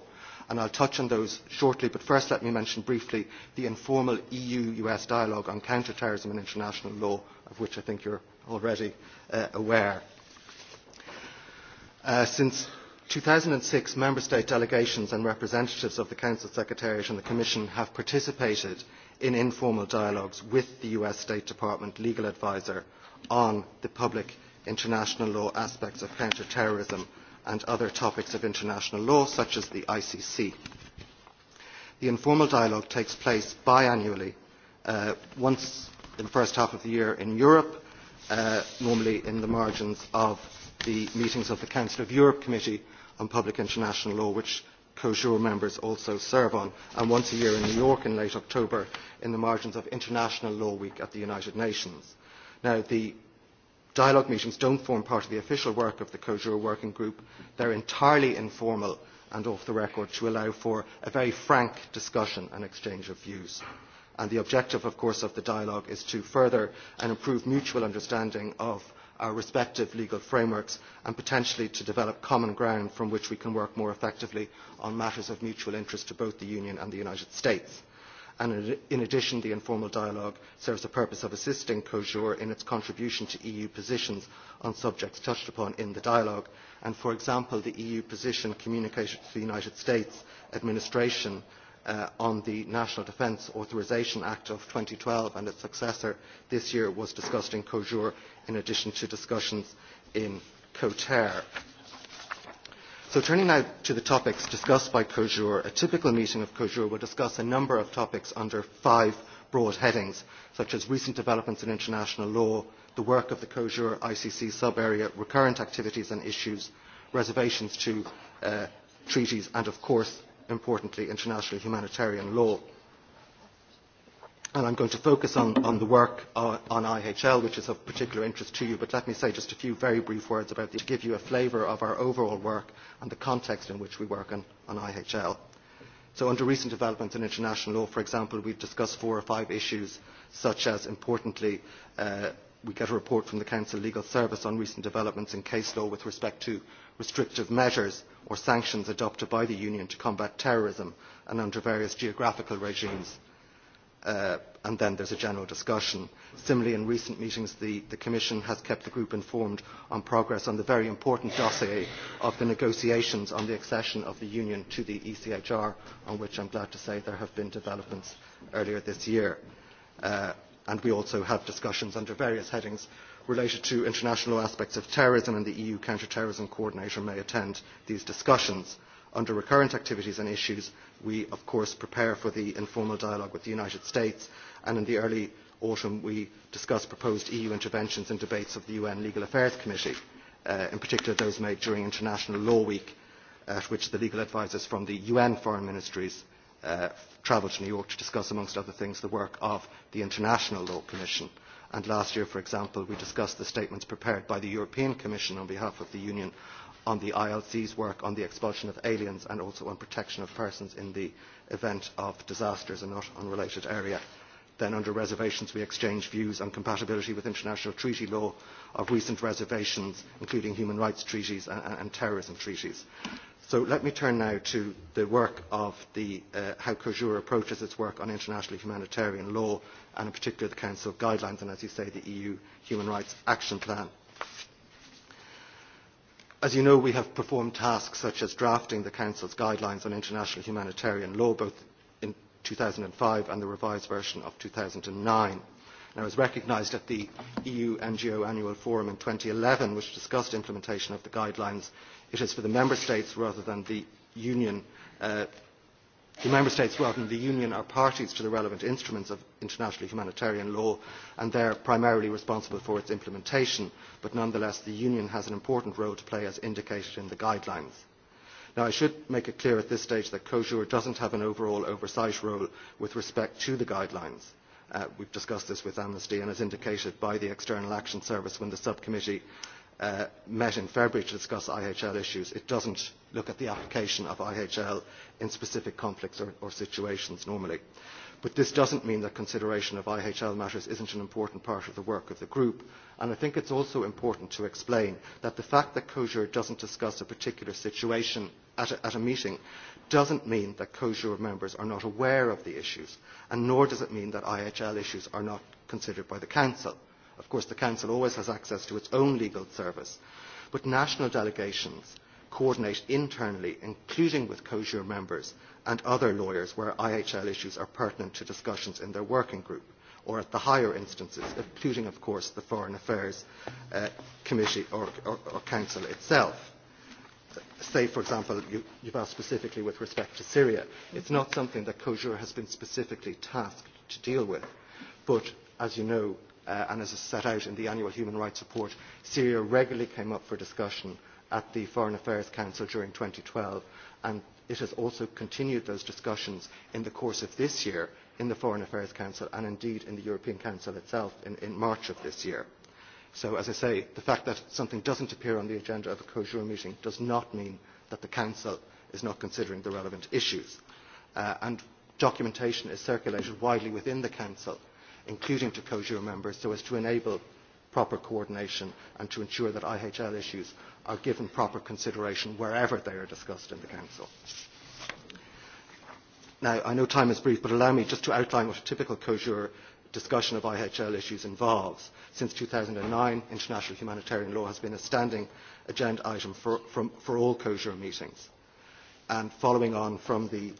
and i will touch on those shortly but first let me mention briefly the informal eu us dialogue on counter terrorism and international law of which i think you are already uh, aware. Uh, since two thousand and six member state delegations and representatives of the council secretariat and the commission have participated in informal dialogues with the us state department legal adviser on the public international law aspects of counter terrorism and other topics of international law such as the icc. the informal dialogue takes place biannually uh, once in the first half of the year in europe uh, normally in the margins of the meetings of the council of europe committee on public international law which cosur members also serve on and once a year in new york in late october in the margins of international law week at the united nations. Now, the Dialogue meetings do not form part of the official work of the COJUR working group. They are entirely informal and off the record to allow for a very frank discussion and exchange of views. And the objective, of course, of the dialogue is to further and improve mutual understanding of our respective legal frameworks and potentially to develop common ground from which we can work more effectively on matters of mutual interest to both the Union and the United States and in addition the informal dialogue serves the purpose of assisting cosur in its contribution to eu positions on subjects touched upon in the dialogue and for example the eu position communicated to the united states administration uh, on the national defence authorisation act of two thousand and twelve and its successor this year was discussed in cosur in addition to discussions in CoTERR. So turning now to the topics discussed by COJUR, a typical meeting of COJUR will discuss a number of topics under five broad headings, such as recent developments in international law, the work of the COJUR ICC sub-area, recurrent activities and issues, reservations to uh, treaties, and of course, importantly, international humanitarian law and I'm going to focus on, on the work uh, on IHL, which is of particular interest to you, but let me say just a few very brief words about this to give you a flavour of our overall work and the context in which we work on, on IHL. So under recent developments in international law, for example, we've discussed four or five issues, such as, importantly, uh, we get a report from the Council Legal Service on recent developments in case law with respect to restrictive measures or sanctions adopted by the Union to combat terrorism and under various geographical regimes uh, and then there's a general discussion. Similarly, in recent meetings, the, the Commission has kept the group informed on progress on the very important dossier of the negotiations on the accession of the Union to the ECHR, on which I'm glad to say there have been developments earlier this year. Uh, and we also have discussions under various headings related to international aspects of terrorism, and the EU counter-terrorism coordinator may attend these discussions under recurrent activities and issues, we of course prepare for the informal dialogue with the United States and in the early autumn we discuss proposed EU interventions in debates of the UN Legal Affairs Committee, uh, in particular those made during International Law Week uh, at which the legal advisers from the UN foreign ministries uh, travelled to New York to discuss, amongst other things, the work of the International Law Commission. And last year, for example, we discussed the statements prepared by the European Commission on behalf of the Union on the ILC's work on the expulsion of aliens and also on protection of persons in the event of disasters, a not unrelated area. Then under reservations, we exchange views on compatibility with international treaty law of recent reservations, including human rights treaties and, and, and terrorism treaties. So let me turn now to the work of the, uh, how COSUR approaches its work on international humanitarian law and in particular the Council guidelines and, as you say, the EU Human Rights Action Plan. As you know, we have performed tasks such as drafting the Council's guidelines on international humanitarian law, both in 2005 and the revised version of 2009. Now, as recognised at the EU NGO Annual Forum in 2011, which discussed implementation of the guidelines, it is for the Member States rather than the Union uh, the member states rather than the union are parties to the relevant instruments of international humanitarian law and they are primarily responsible for its implementation but nonetheless the union has an important role to play as indicated in the guidelines. i should make it clear at this stage that cosur does not have an overall oversight role with respect to the guidelines. Uh, we have discussed this with amnesty and as indicated by the external action service when the subcommittee met in February to discuss IHL issues, it doesn't look at the application of IHL in specific conflicts or, situations normally. But this doesn't mean that consideration of IHL matters isn't an important part of the work of the group. And I think it's also important to explain that the fact that COSURE doesn't discuss a particular situation at a, meeting does meeting doesn't mean that COSURE members are not aware of the issues, and nor does it mean that IHL issues are not considered by the Council Of course, the Council always has access to its own legal service, but national delegations coordinate internally, including with cosur members and other lawyers where IHL issues are pertinent to discussions in their working group or at the higher instances, including, of course, the Foreign Affairs uh, Committee or, or, or Council itself say, for example, you, you've asked specifically with respect to Syria. It's not something that cosur has been specifically tasked to deal with. But, as you know, uh, and as is set out in the annual human rights report, Syria regularly came up for discussion at the Foreign Affairs Council during 2012, and it has also continued those discussions in the course of this year in the Foreign Affairs Council and indeed in the European Council itself in, in March of this year. So, as I say, the fact that something doesn't appear on the agenda of a COJUR meeting does not mean that the Council is not considering the relevant issues. Uh, and documentation is circulated widely within the Council including to COSURE members, so as to enable proper coordination and to ensure that IHL issues are given proper consideration wherever they are discussed in the Council. Now, I know time is brief, but allow me just to outline what a typical COSURE discussion of IHL issues involves. Since 2009, international humanitarian law has been a standing agenda item for, from, for all COSURE meetings. And following on from the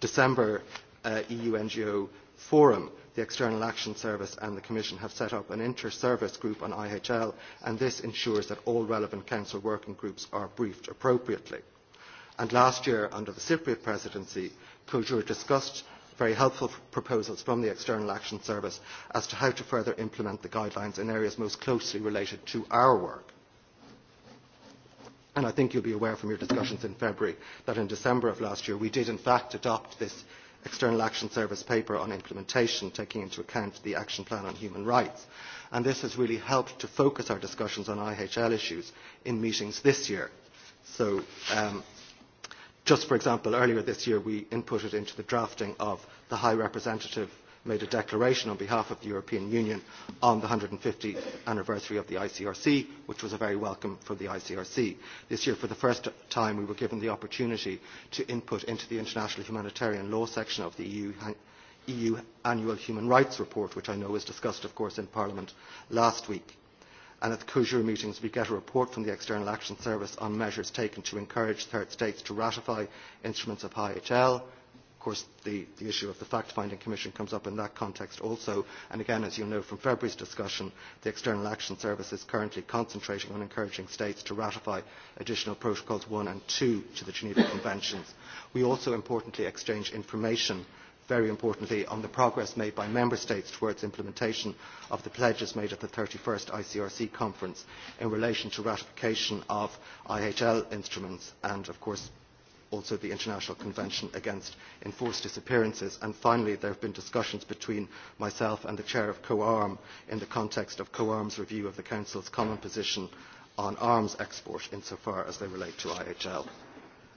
December uh, EU NGO forum, the External Action Service and the Commission have set up an inter-service group on IHL and this ensures that all relevant Council working groups are briefed appropriately. And last year, under the Cypriot presidency, Kultur discussed very helpful proposals from the External Action Service as to how to further implement the guidelines in areas most closely related to our work. And I think you'll be aware from your discussions in February that in December of last year we did in fact adopt this external action service paper on implementation taking into account the action plan on human rights and this has really helped to focus our discussions on ihl issues in meetings this year. so um, just for example earlier this year we inputted into the drafting of the high representative made a declaration on behalf of the European Union on the 150th anniversary of the ICRC, which was a very welcome for the ICRC. This year, for the first time, we were given the opportunity to input into the International Humanitarian Law section of the EU EU Annual Human Rights Report, which I know was discussed, of course, in Parliament last week. And at the COJUR meetings, we get a report from the External Action Service on measures taken to encourage third states to ratify instruments of IHL, course, the, the issue of the fact-finding commission comes up in that context also. And again, as you know from February's discussion, the External Action Service is currently concentrating on encouraging states to ratify additional protocols 1 and 2 to the Geneva Conventions. We also importantly exchange information very importantly on the progress made by member states towards implementation of the pledges made at the 31st ICRC conference in relation to ratification of IHL instruments and of course also the International Convention Against Enforced Disappearances. And finally, there have been discussions between myself and the chair of COARM in the context of COARM's review of the Council's common position on arms export insofar as they relate to IHL.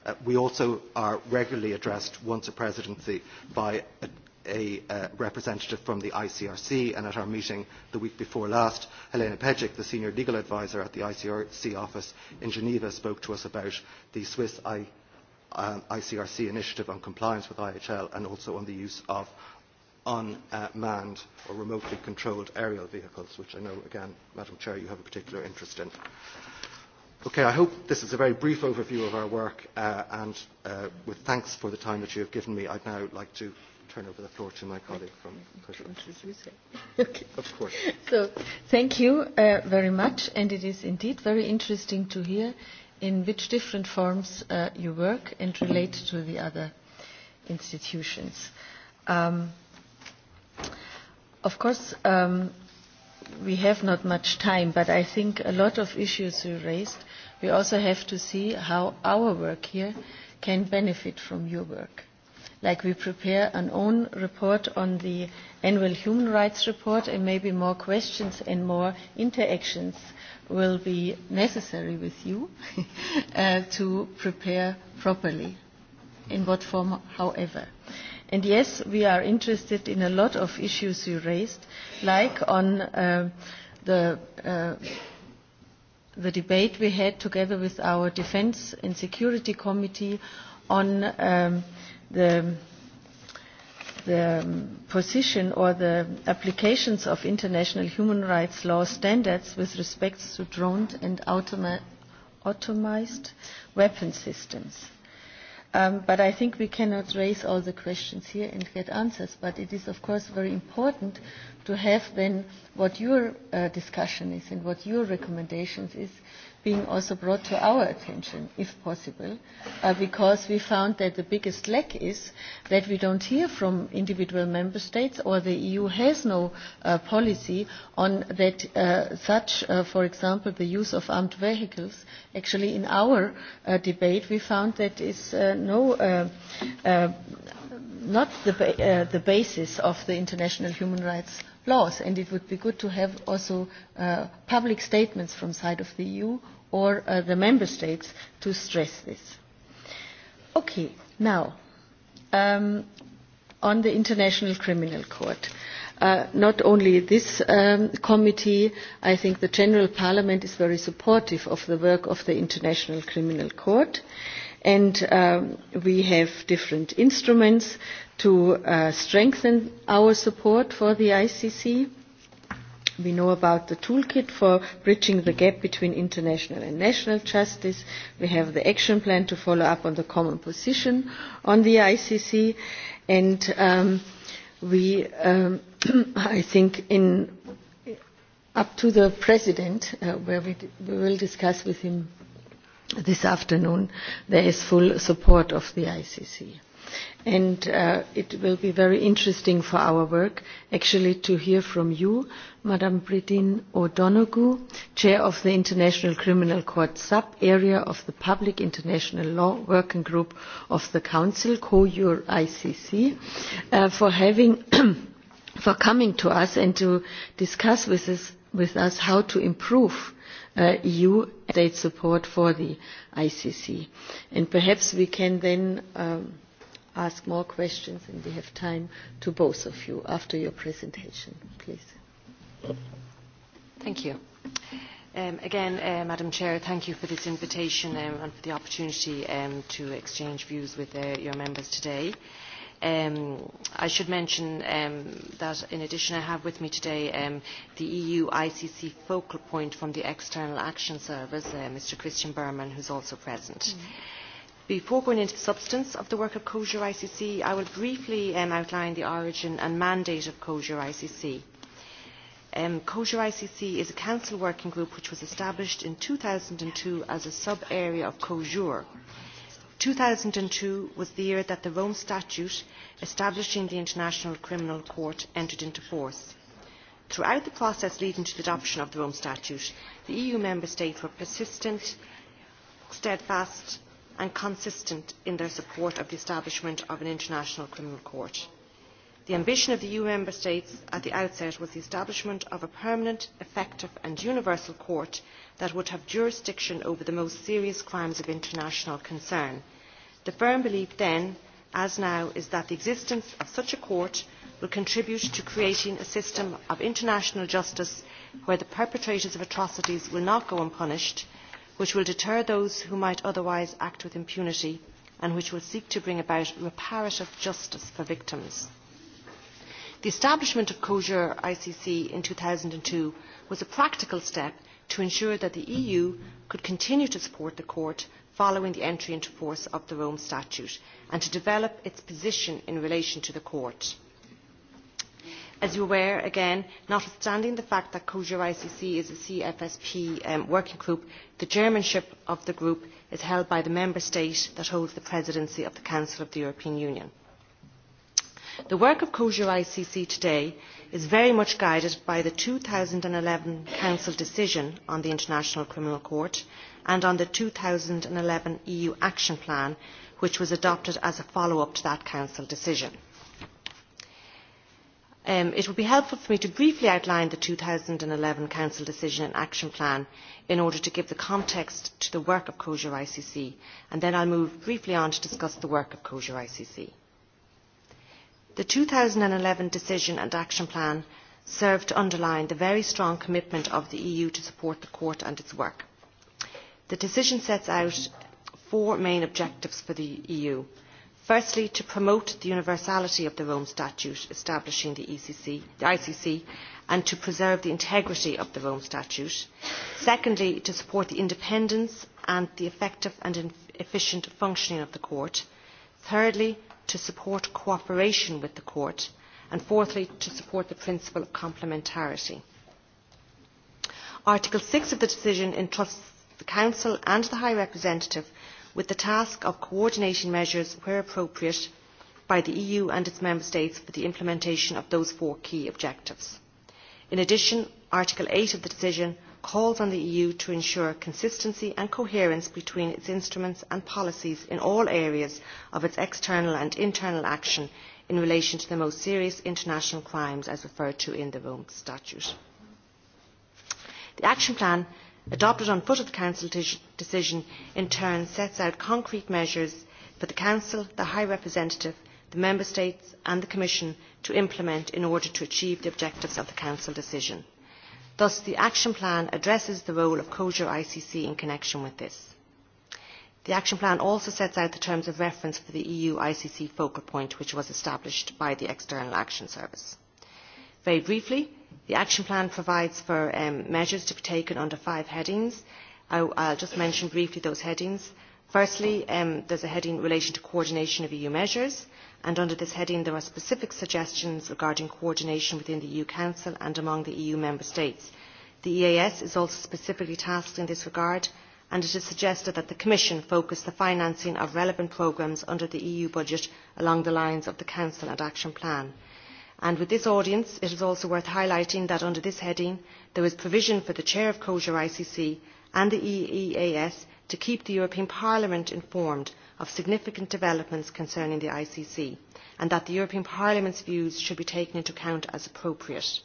Uh, we also are regularly addressed once a presidency by a a uh, representative from the ICRC, and at our meeting the week before last, Helena Pejic, the senior legal advisor at the ICRC office in Geneva, spoke to us about the Swiss I Um, ICRC initiative on compliance with IHL and also on the use of unmanned or remotely controlled aerial vehicles, which I know, again, Madam Chair, you have a particular interest in. Okay, I hope this is a very brief overview of our work, uh, and uh, with thanks for the time that you have given me, I'd now like to turn over the floor to my colleague from okay. Of course. So, thank you uh, very much, and it is indeed very interesting to hear in which different forms uh, you work and relate to the other institutions. Um, of course, um, we have not much time, but I think a lot of issues you raised, we also have to see how our work here can benefit from your work. Like we prepare an own report on the annual human rights report and maybe more questions and more interactions will be necessary with you uh, to prepare properly, in what form, however. And yes, we are interested in a lot of issues you raised, like on uh, the, uh, the debate we had together with our Defence and Security Committee on um, the the position or the applications of international human rights law standards with respect to drones and automated weapon systems. Um, but I think we cannot raise all the questions here and get answers. But it is, of course, very important to have then what your uh, discussion is and what your recommendations is being also brought to our attention, if possible, uh, because we found that the biggest lack is that we don't hear from individual member states or the EU has no uh, policy on that uh, such, uh, for example, the use of armed vehicles. Actually, in our uh, debate, we found that is uh, no uh, uh, not the, ba uh, the basis of the international human rights laws and it would be good to have also uh, public statements from the side of the eu or uh, the member states to stress this. Okay, now, um, on the International Criminal Court. Uh, not only this um, committee, I think the General Parliament is very supportive of the work of the International Criminal Court. And um, we have different instruments to uh, strengthen our support for the ICC We know about the toolkit for bridging the gap between international and national justice. We have the action plan to follow up on the common position on the ICC. And um, we, um, I think, in, up to the president, uh, where we, we will discuss with him this afternoon, there is full support of the ICC and uh, it will be very interesting for our work actually to hear from you, Madam Bridin O'Donoghue, Chair of the International Criminal Court Sub-Area of the Public International Law Working Group of the Council, COUR ICC, uh, for having for coming to us and to discuss with us, with us how to improve Uh, eu state support for the icc and perhaps we can then um ask more questions, and we have time to both of you after your presentation, please. Thank you. Um, again, uh, Madam Chair, thank you for this invitation um, and for the opportunity um, to exchange views with uh, your members today. Um, I should mention um, that in addition I have with me today um, the EU ICC focal point from the External Action Service, uh, Mr Christian Berman, who is also present. Mm -hmm. Before going into the substance of the work of cosur ICC, I will briefly um, outline the origin and mandate of cosur ICC. cosur um, ICC is a council working group which was established in two thousand and two as a sub-area of cosur. two thousand and two was the year that the Rome Statute establishing the International Criminal Court entered into force. Throughout the process leading to the adoption of the Rome Statute, the EU member states were persistent, steadfast and consistent in their support of the establishment of an international criminal court. The ambition of the EU member states at the outset was the establishment of a permanent, effective and universal court that would have jurisdiction over the most serious crimes of international concern. The firm belief then, as now, is that the existence of such a court will contribute to creating a system of international justice where the perpetrators of atrocities will not go unpunished which will deter those who might otherwise act with impunity and which will seek to bring about reparative justice for victims. The establishment of COSURE ICC in 2002 was a practical step to ensure that the EU could continue to support the court following the entry into force of the Rome Statute and to develop its position in relation to the court. As you are aware, again, notwithstanding the fact that COSUR ICC is a CFSP um, working group, the chairmanship of the group is held by the member state that holds the presidency of the Council of the European Union. The work of COSUR ICC today is very much guided by the two thousand and eleven Council decision on the International Criminal Court and on the two thousand and eleven EU Action Plan, which was adopted as a follow-up to that Council decision Um, it would be helpful for me to briefly outline the two thousand and eleven council decision and action plan in order to give the context to the work of cosur icc and then i will move briefly on to discuss the work of cosur icc. the two thousand and eleven decision and action plan served to underline the very strong commitment of the eu to support the court and its work. the decision sets out four main objectives for the eu firstly to promote the universality of the rome statute establishing the, icc e and to preserve the integrity of the rome statute secondly to support the independence and the effective and efficient functioning of the court thirdly to support cooperation with the court and fourthly to support the principle of complementarity. article six of the decision entrusts the council and the high representative with the task of coordinating measures where appropriate by the eu and its member states for the implementation of those four key objectives. in addition article eight of the decision calls on the eu to ensure consistency and coherence between its instruments and policies in all areas of its external and internal action in relation to the most serious international crimes as referred to in the rome statute. the action plan adopted on foot of the Council decision in turn sets out concrete measures for the Council, the High Representative, the Member States and the Commission to implement in order to achieve the objectives of the Council decision. Thus, the Action Plan addresses the role of COSUR ICC in connection with this. The Action Plan also sets out the terms of reference for the EU ICC focal point, which was established by the External Action Service. Very briefly, The action plan provides for um, measures to be taken under five headings. I, will just mention briefly those headings. Firstly, um, there is a heading relating to coordination of EU measures, and under this heading there are specific suggestions regarding coordination within the EU Council and among the EU Member States. The EAS is also specifically tasked in this regard, and it is suggested that the Commission focus the financing of relevant programmes under the EU budget along the lines of the Council and Action Plan with this audience it is also worth highlighting that under this heading there is provision for the chair of kosher icc and the eeas to keep the european parliament informed of significant developments concerning the icc and that the european parliament's views should be taken into account as appropriate.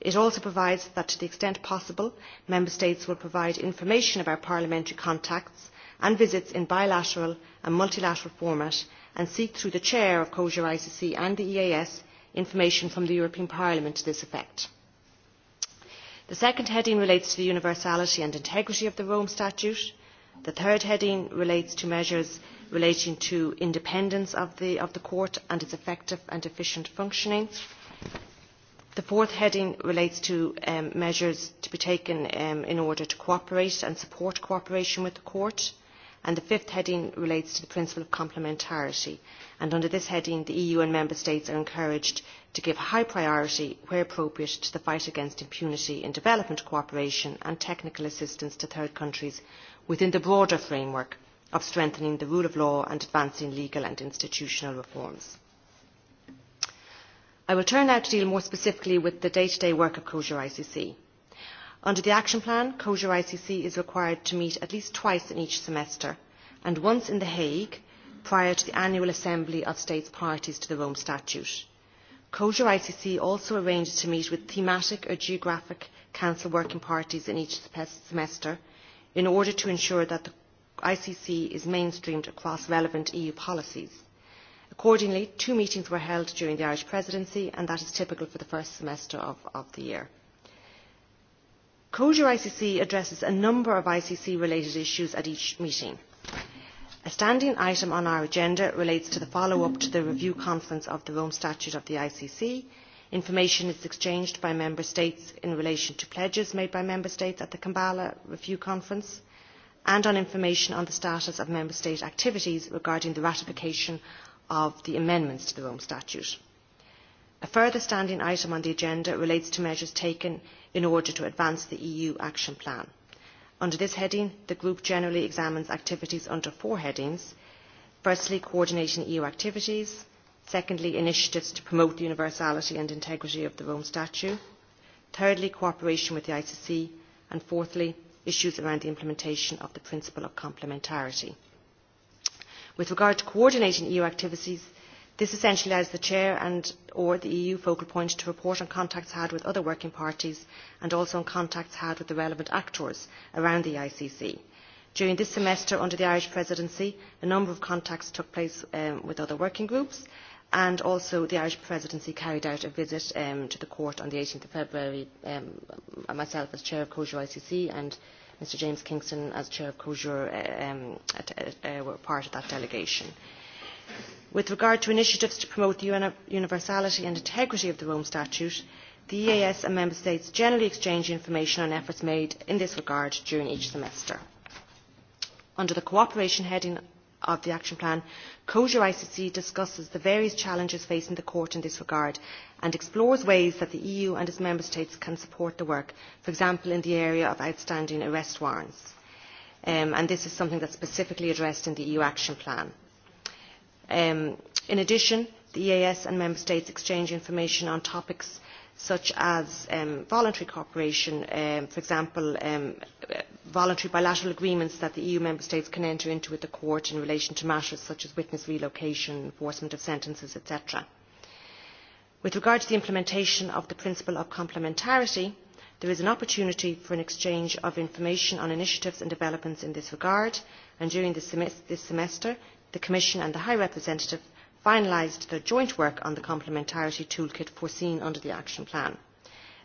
it also provides that to the extent possible member states will provide information about parliamentary contacts and visits in bilateral and multilateral format and seek through the chair of kosher icc and the eeas information from the European Parliament to this effect. The second heading relates to the universality and integrity of the Rome Statute. The third heading relates to measures relating to independence of the, court and its effective and efficient functioning. The fourth heading relates to um, measures to be taken um, in order to cooperate and support cooperation with the court and the fifth heading relates to the principle of complementarity and under this heading the eu and member states are encouraged to give high priority where appropriate to the fight against impunity in development cooperation and technical assistance to third countries within the broader framework of strengthening the rule of law and advancing legal and institutional reforms. i will turn now to deal more specifically with the day to day work of cosur icc under the action plan cosur icc is required to meet at least twice in each semester and once in the hague prior to the annual assembly of states parties to the rome statute. cosur icc also arranges to meet with thematic or geographic council working parties in each semester in order to ensure that the icc is mainstreamed across relevant eu policies. accordingly two meetings were held during the irish presidency and that is typical for the first semester of the year kosher icc addresses a number of icc related issues at each meeting. a standing item on our agenda relates to the follow up to the review conference of the rome statute of the icc. information is exchanged by member states in relation to pledges made by member states at the kampala review conference and on information on the status of member state activities regarding the ratification of the amendments to the rome statute. a further standing item on the agenda relates to measures taken in order to advance the EU action plan. Under this heading, the group generally examines activities under four headings. Firstly, coordinating EU activities. Secondly, initiatives to promote the universality and integrity of the Rome Statute. Thirdly, cooperation with the ICC. And fourthly, issues around the implementation of the principle of complementarity. With regard to coordinating EU activities, This essentially allows the Chair and or the EU focal point to report on contacts had with other working parties and also on contacts had with the relevant actors around the ICC. During this semester under the Irish Presidency, a number of contacts took place um, with other working groups and also the Irish Presidency carried out a visit um, to the court on the 18th of February, um, myself as Chair of COSUR ICC and Mr James Kingston as Chair of COSUR uh, um, uh, uh, were part of that delegation with regard to initiatives to promote the universality and integrity of the rome statute the eeas and member states generally exchange information on efforts made in this regard during each semester. under the cooperation heading of the action plan cosur icc discusses the various challenges facing the court in this regard and explores ways that the eu and its member states can support the work for example in the area of outstanding arrest warrants um, and this is something that is specifically addressed in the eu action plan. Um, in addition, the EAS and Member States exchange information on topics such as um, voluntary cooperation, um, for example, voluntary bilateral agreements that the EU member states can enter into with the court in relation to matters such as witness relocation, enforcement of sentences, etc. With regard to the implementation of the principle of complementarity, there is an opportunity for an exchange of information on initiatives and developments in this regard, and during this, semester, the Commission and the High Representative finalised their joint work on the complementarity toolkit foreseen under the action plan.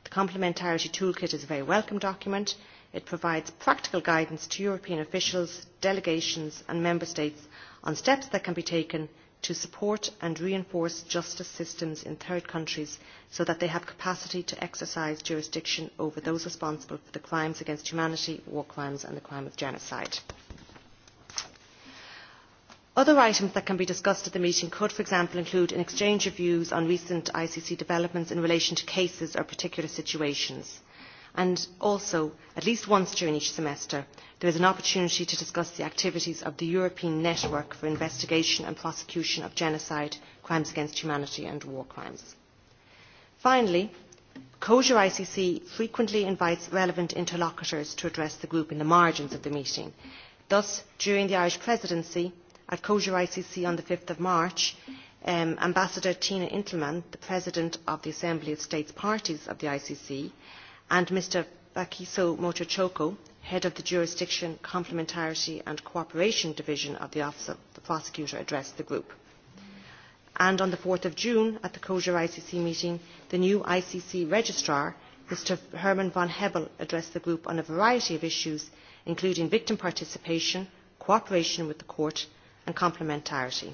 The complementarity toolkit is a very welcome document. It provides practical guidance to European officials, delegations and member states on steps that can be taken to support and reinforce justice systems in third countries so that they have capacity to exercise jurisdiction over those responsible for the crimes against humanity, war crimes and the crime of genocide other items that can be discussed at the meeting could for example include an exchange of views on recent icc developments in relation to cases or particular situations and also at least once during each semester there is an opportunity to discuss the activities of the european network for investigation and prosecution of genocide crimes against humanity and war crimes. finally cosur icc frequently invites relevant interlocutors to address the group in the margins of the meeting. thus during the irish presidency at kosher icc on five march um, ambassador tina intelman the president of the assembly of states parties of the icc and mr bakiso motochoko head of the jurisdiction complementarity and cooperation division of the office of the prosecutor addressed the group and on four june at the kosher icc meeting the new icc registrar mr herman van hebel addressed the group on a variety of issues including victim participation cooperation with the court and complementarity.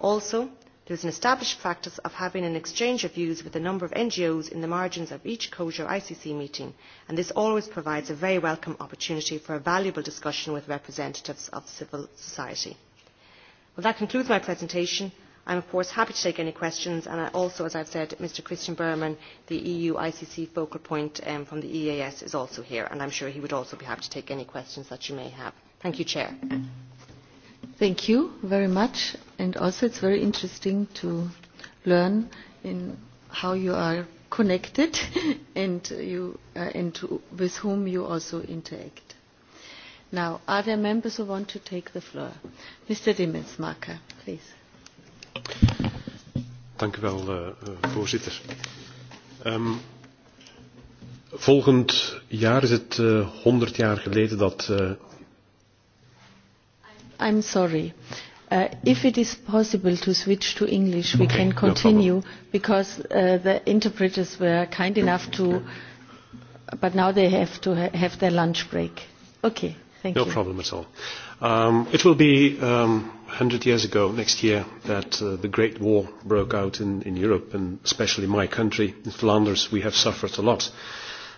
Also, there is an established practice of having an exchange of views with a number of ngos in the margins of each cosur icc meeting and this always provides a very welcome opportunity for a valuable discussion with representatives of civil society. Well, that concludes my presentation. i am of course happy to take any questions and I also as i have said mr christian berman the eu icc focal point um, from the eas is also here and i am sure he would also be happy to take any questions that you may have. thank you chair. Mm-hmm. Thank you very much. And also it's very interesting to learn in how you are connected and, you, uh, and with whom you also interact. Now, are there members who want to take the floor? Mr. dimensmarker please. Dank u wel, uh, voorzitter. Um, volgend jaar is het uh, eh, 100 jaar geleden dat uh, I'm sorry. Uh, if it is possible to switch to English, we okay, can no continue no because uh, the interpreters were kind enough to, but now they have to ha have their lunch break. Okay, thank no you. No problem at all. Um, it will be um, 100 years ago next year that uh, the Great War broke out in, in Europe, and especially my country, in Flanders, we have suffered a lot.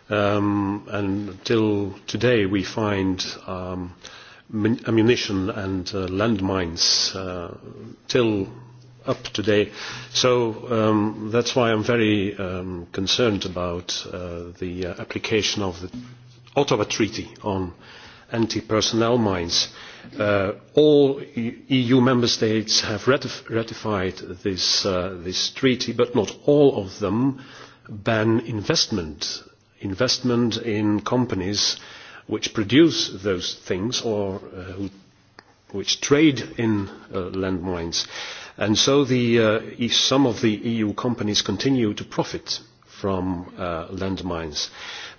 Um, and until today, we find. Um, ammunition and uh, landmines uh, till up today. So um, that's why I'm very um, concerned about uh, the uh, application of the Ottawa Treaty on anti-personnel mines. Uh, all EU e member states have ratif ratified this, uh, this treaty, but not all of them ban investment, investment in companies uh, which produce those things or uh, which trade in uh, landmines. And so the, uh, e, some of the EU companies continue to profit from landmines.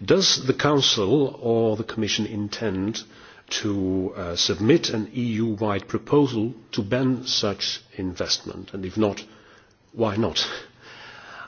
Does the Council or the Commission intend to uh, submit an EU-wide proposal to ban such investment? And if not, why not?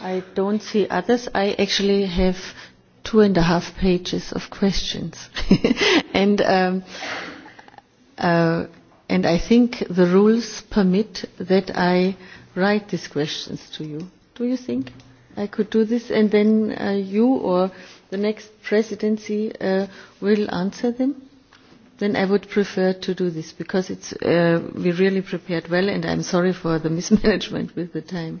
I don't see others. I actually have two and a half pages of questions. and, um, uh, and I think the rules permit that I write these questions to you. Do you think I could do this? And then uh, you or the next presidency uh, will answer them? Then I would prefer to do this because it's, uh, we really prepared well and I'm sorry for the mismanagement with the time.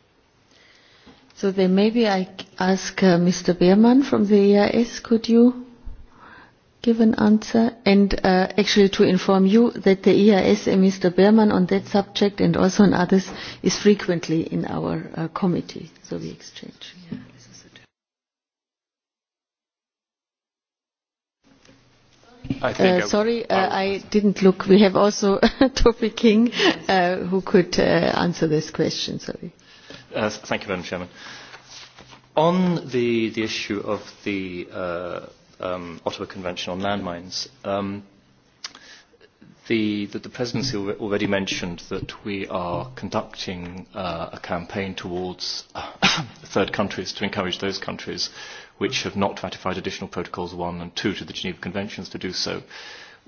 So then maybe I ask uh, Mr. Beerman from the EIS, could you give an answer? And uh, actually to inform you that the EIS and Mr. Beerman on that subject and also on others is frequently in our uh, committee, so we exchange. Yeah. I think uh, sorry, uh, I didn't look. We have also Toby King uh, who could uh, answer this question. Sorry. Uh, Uh, thank you, Madam Chairman. On the, the issue of the uh, um, Ottawa Convention on landmines, um, the, the, the Presidency already mentioned that we are conducting uh, a campaign towards third countries to encourage those countries which have not ratified additional protocols one and two to the Geneva Conventions to do so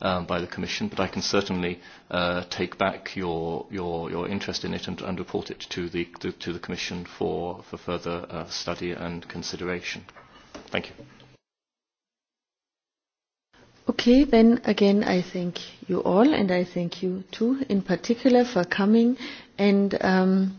um, by the Commission, but I can certainly uh, take back your, your, your interest in it and, and report it to the, to, to the Commission for, for further uh, study and consideration. Thank you. Okay, then again, I thank you all, and I thank you too, in particular, for coming. And um,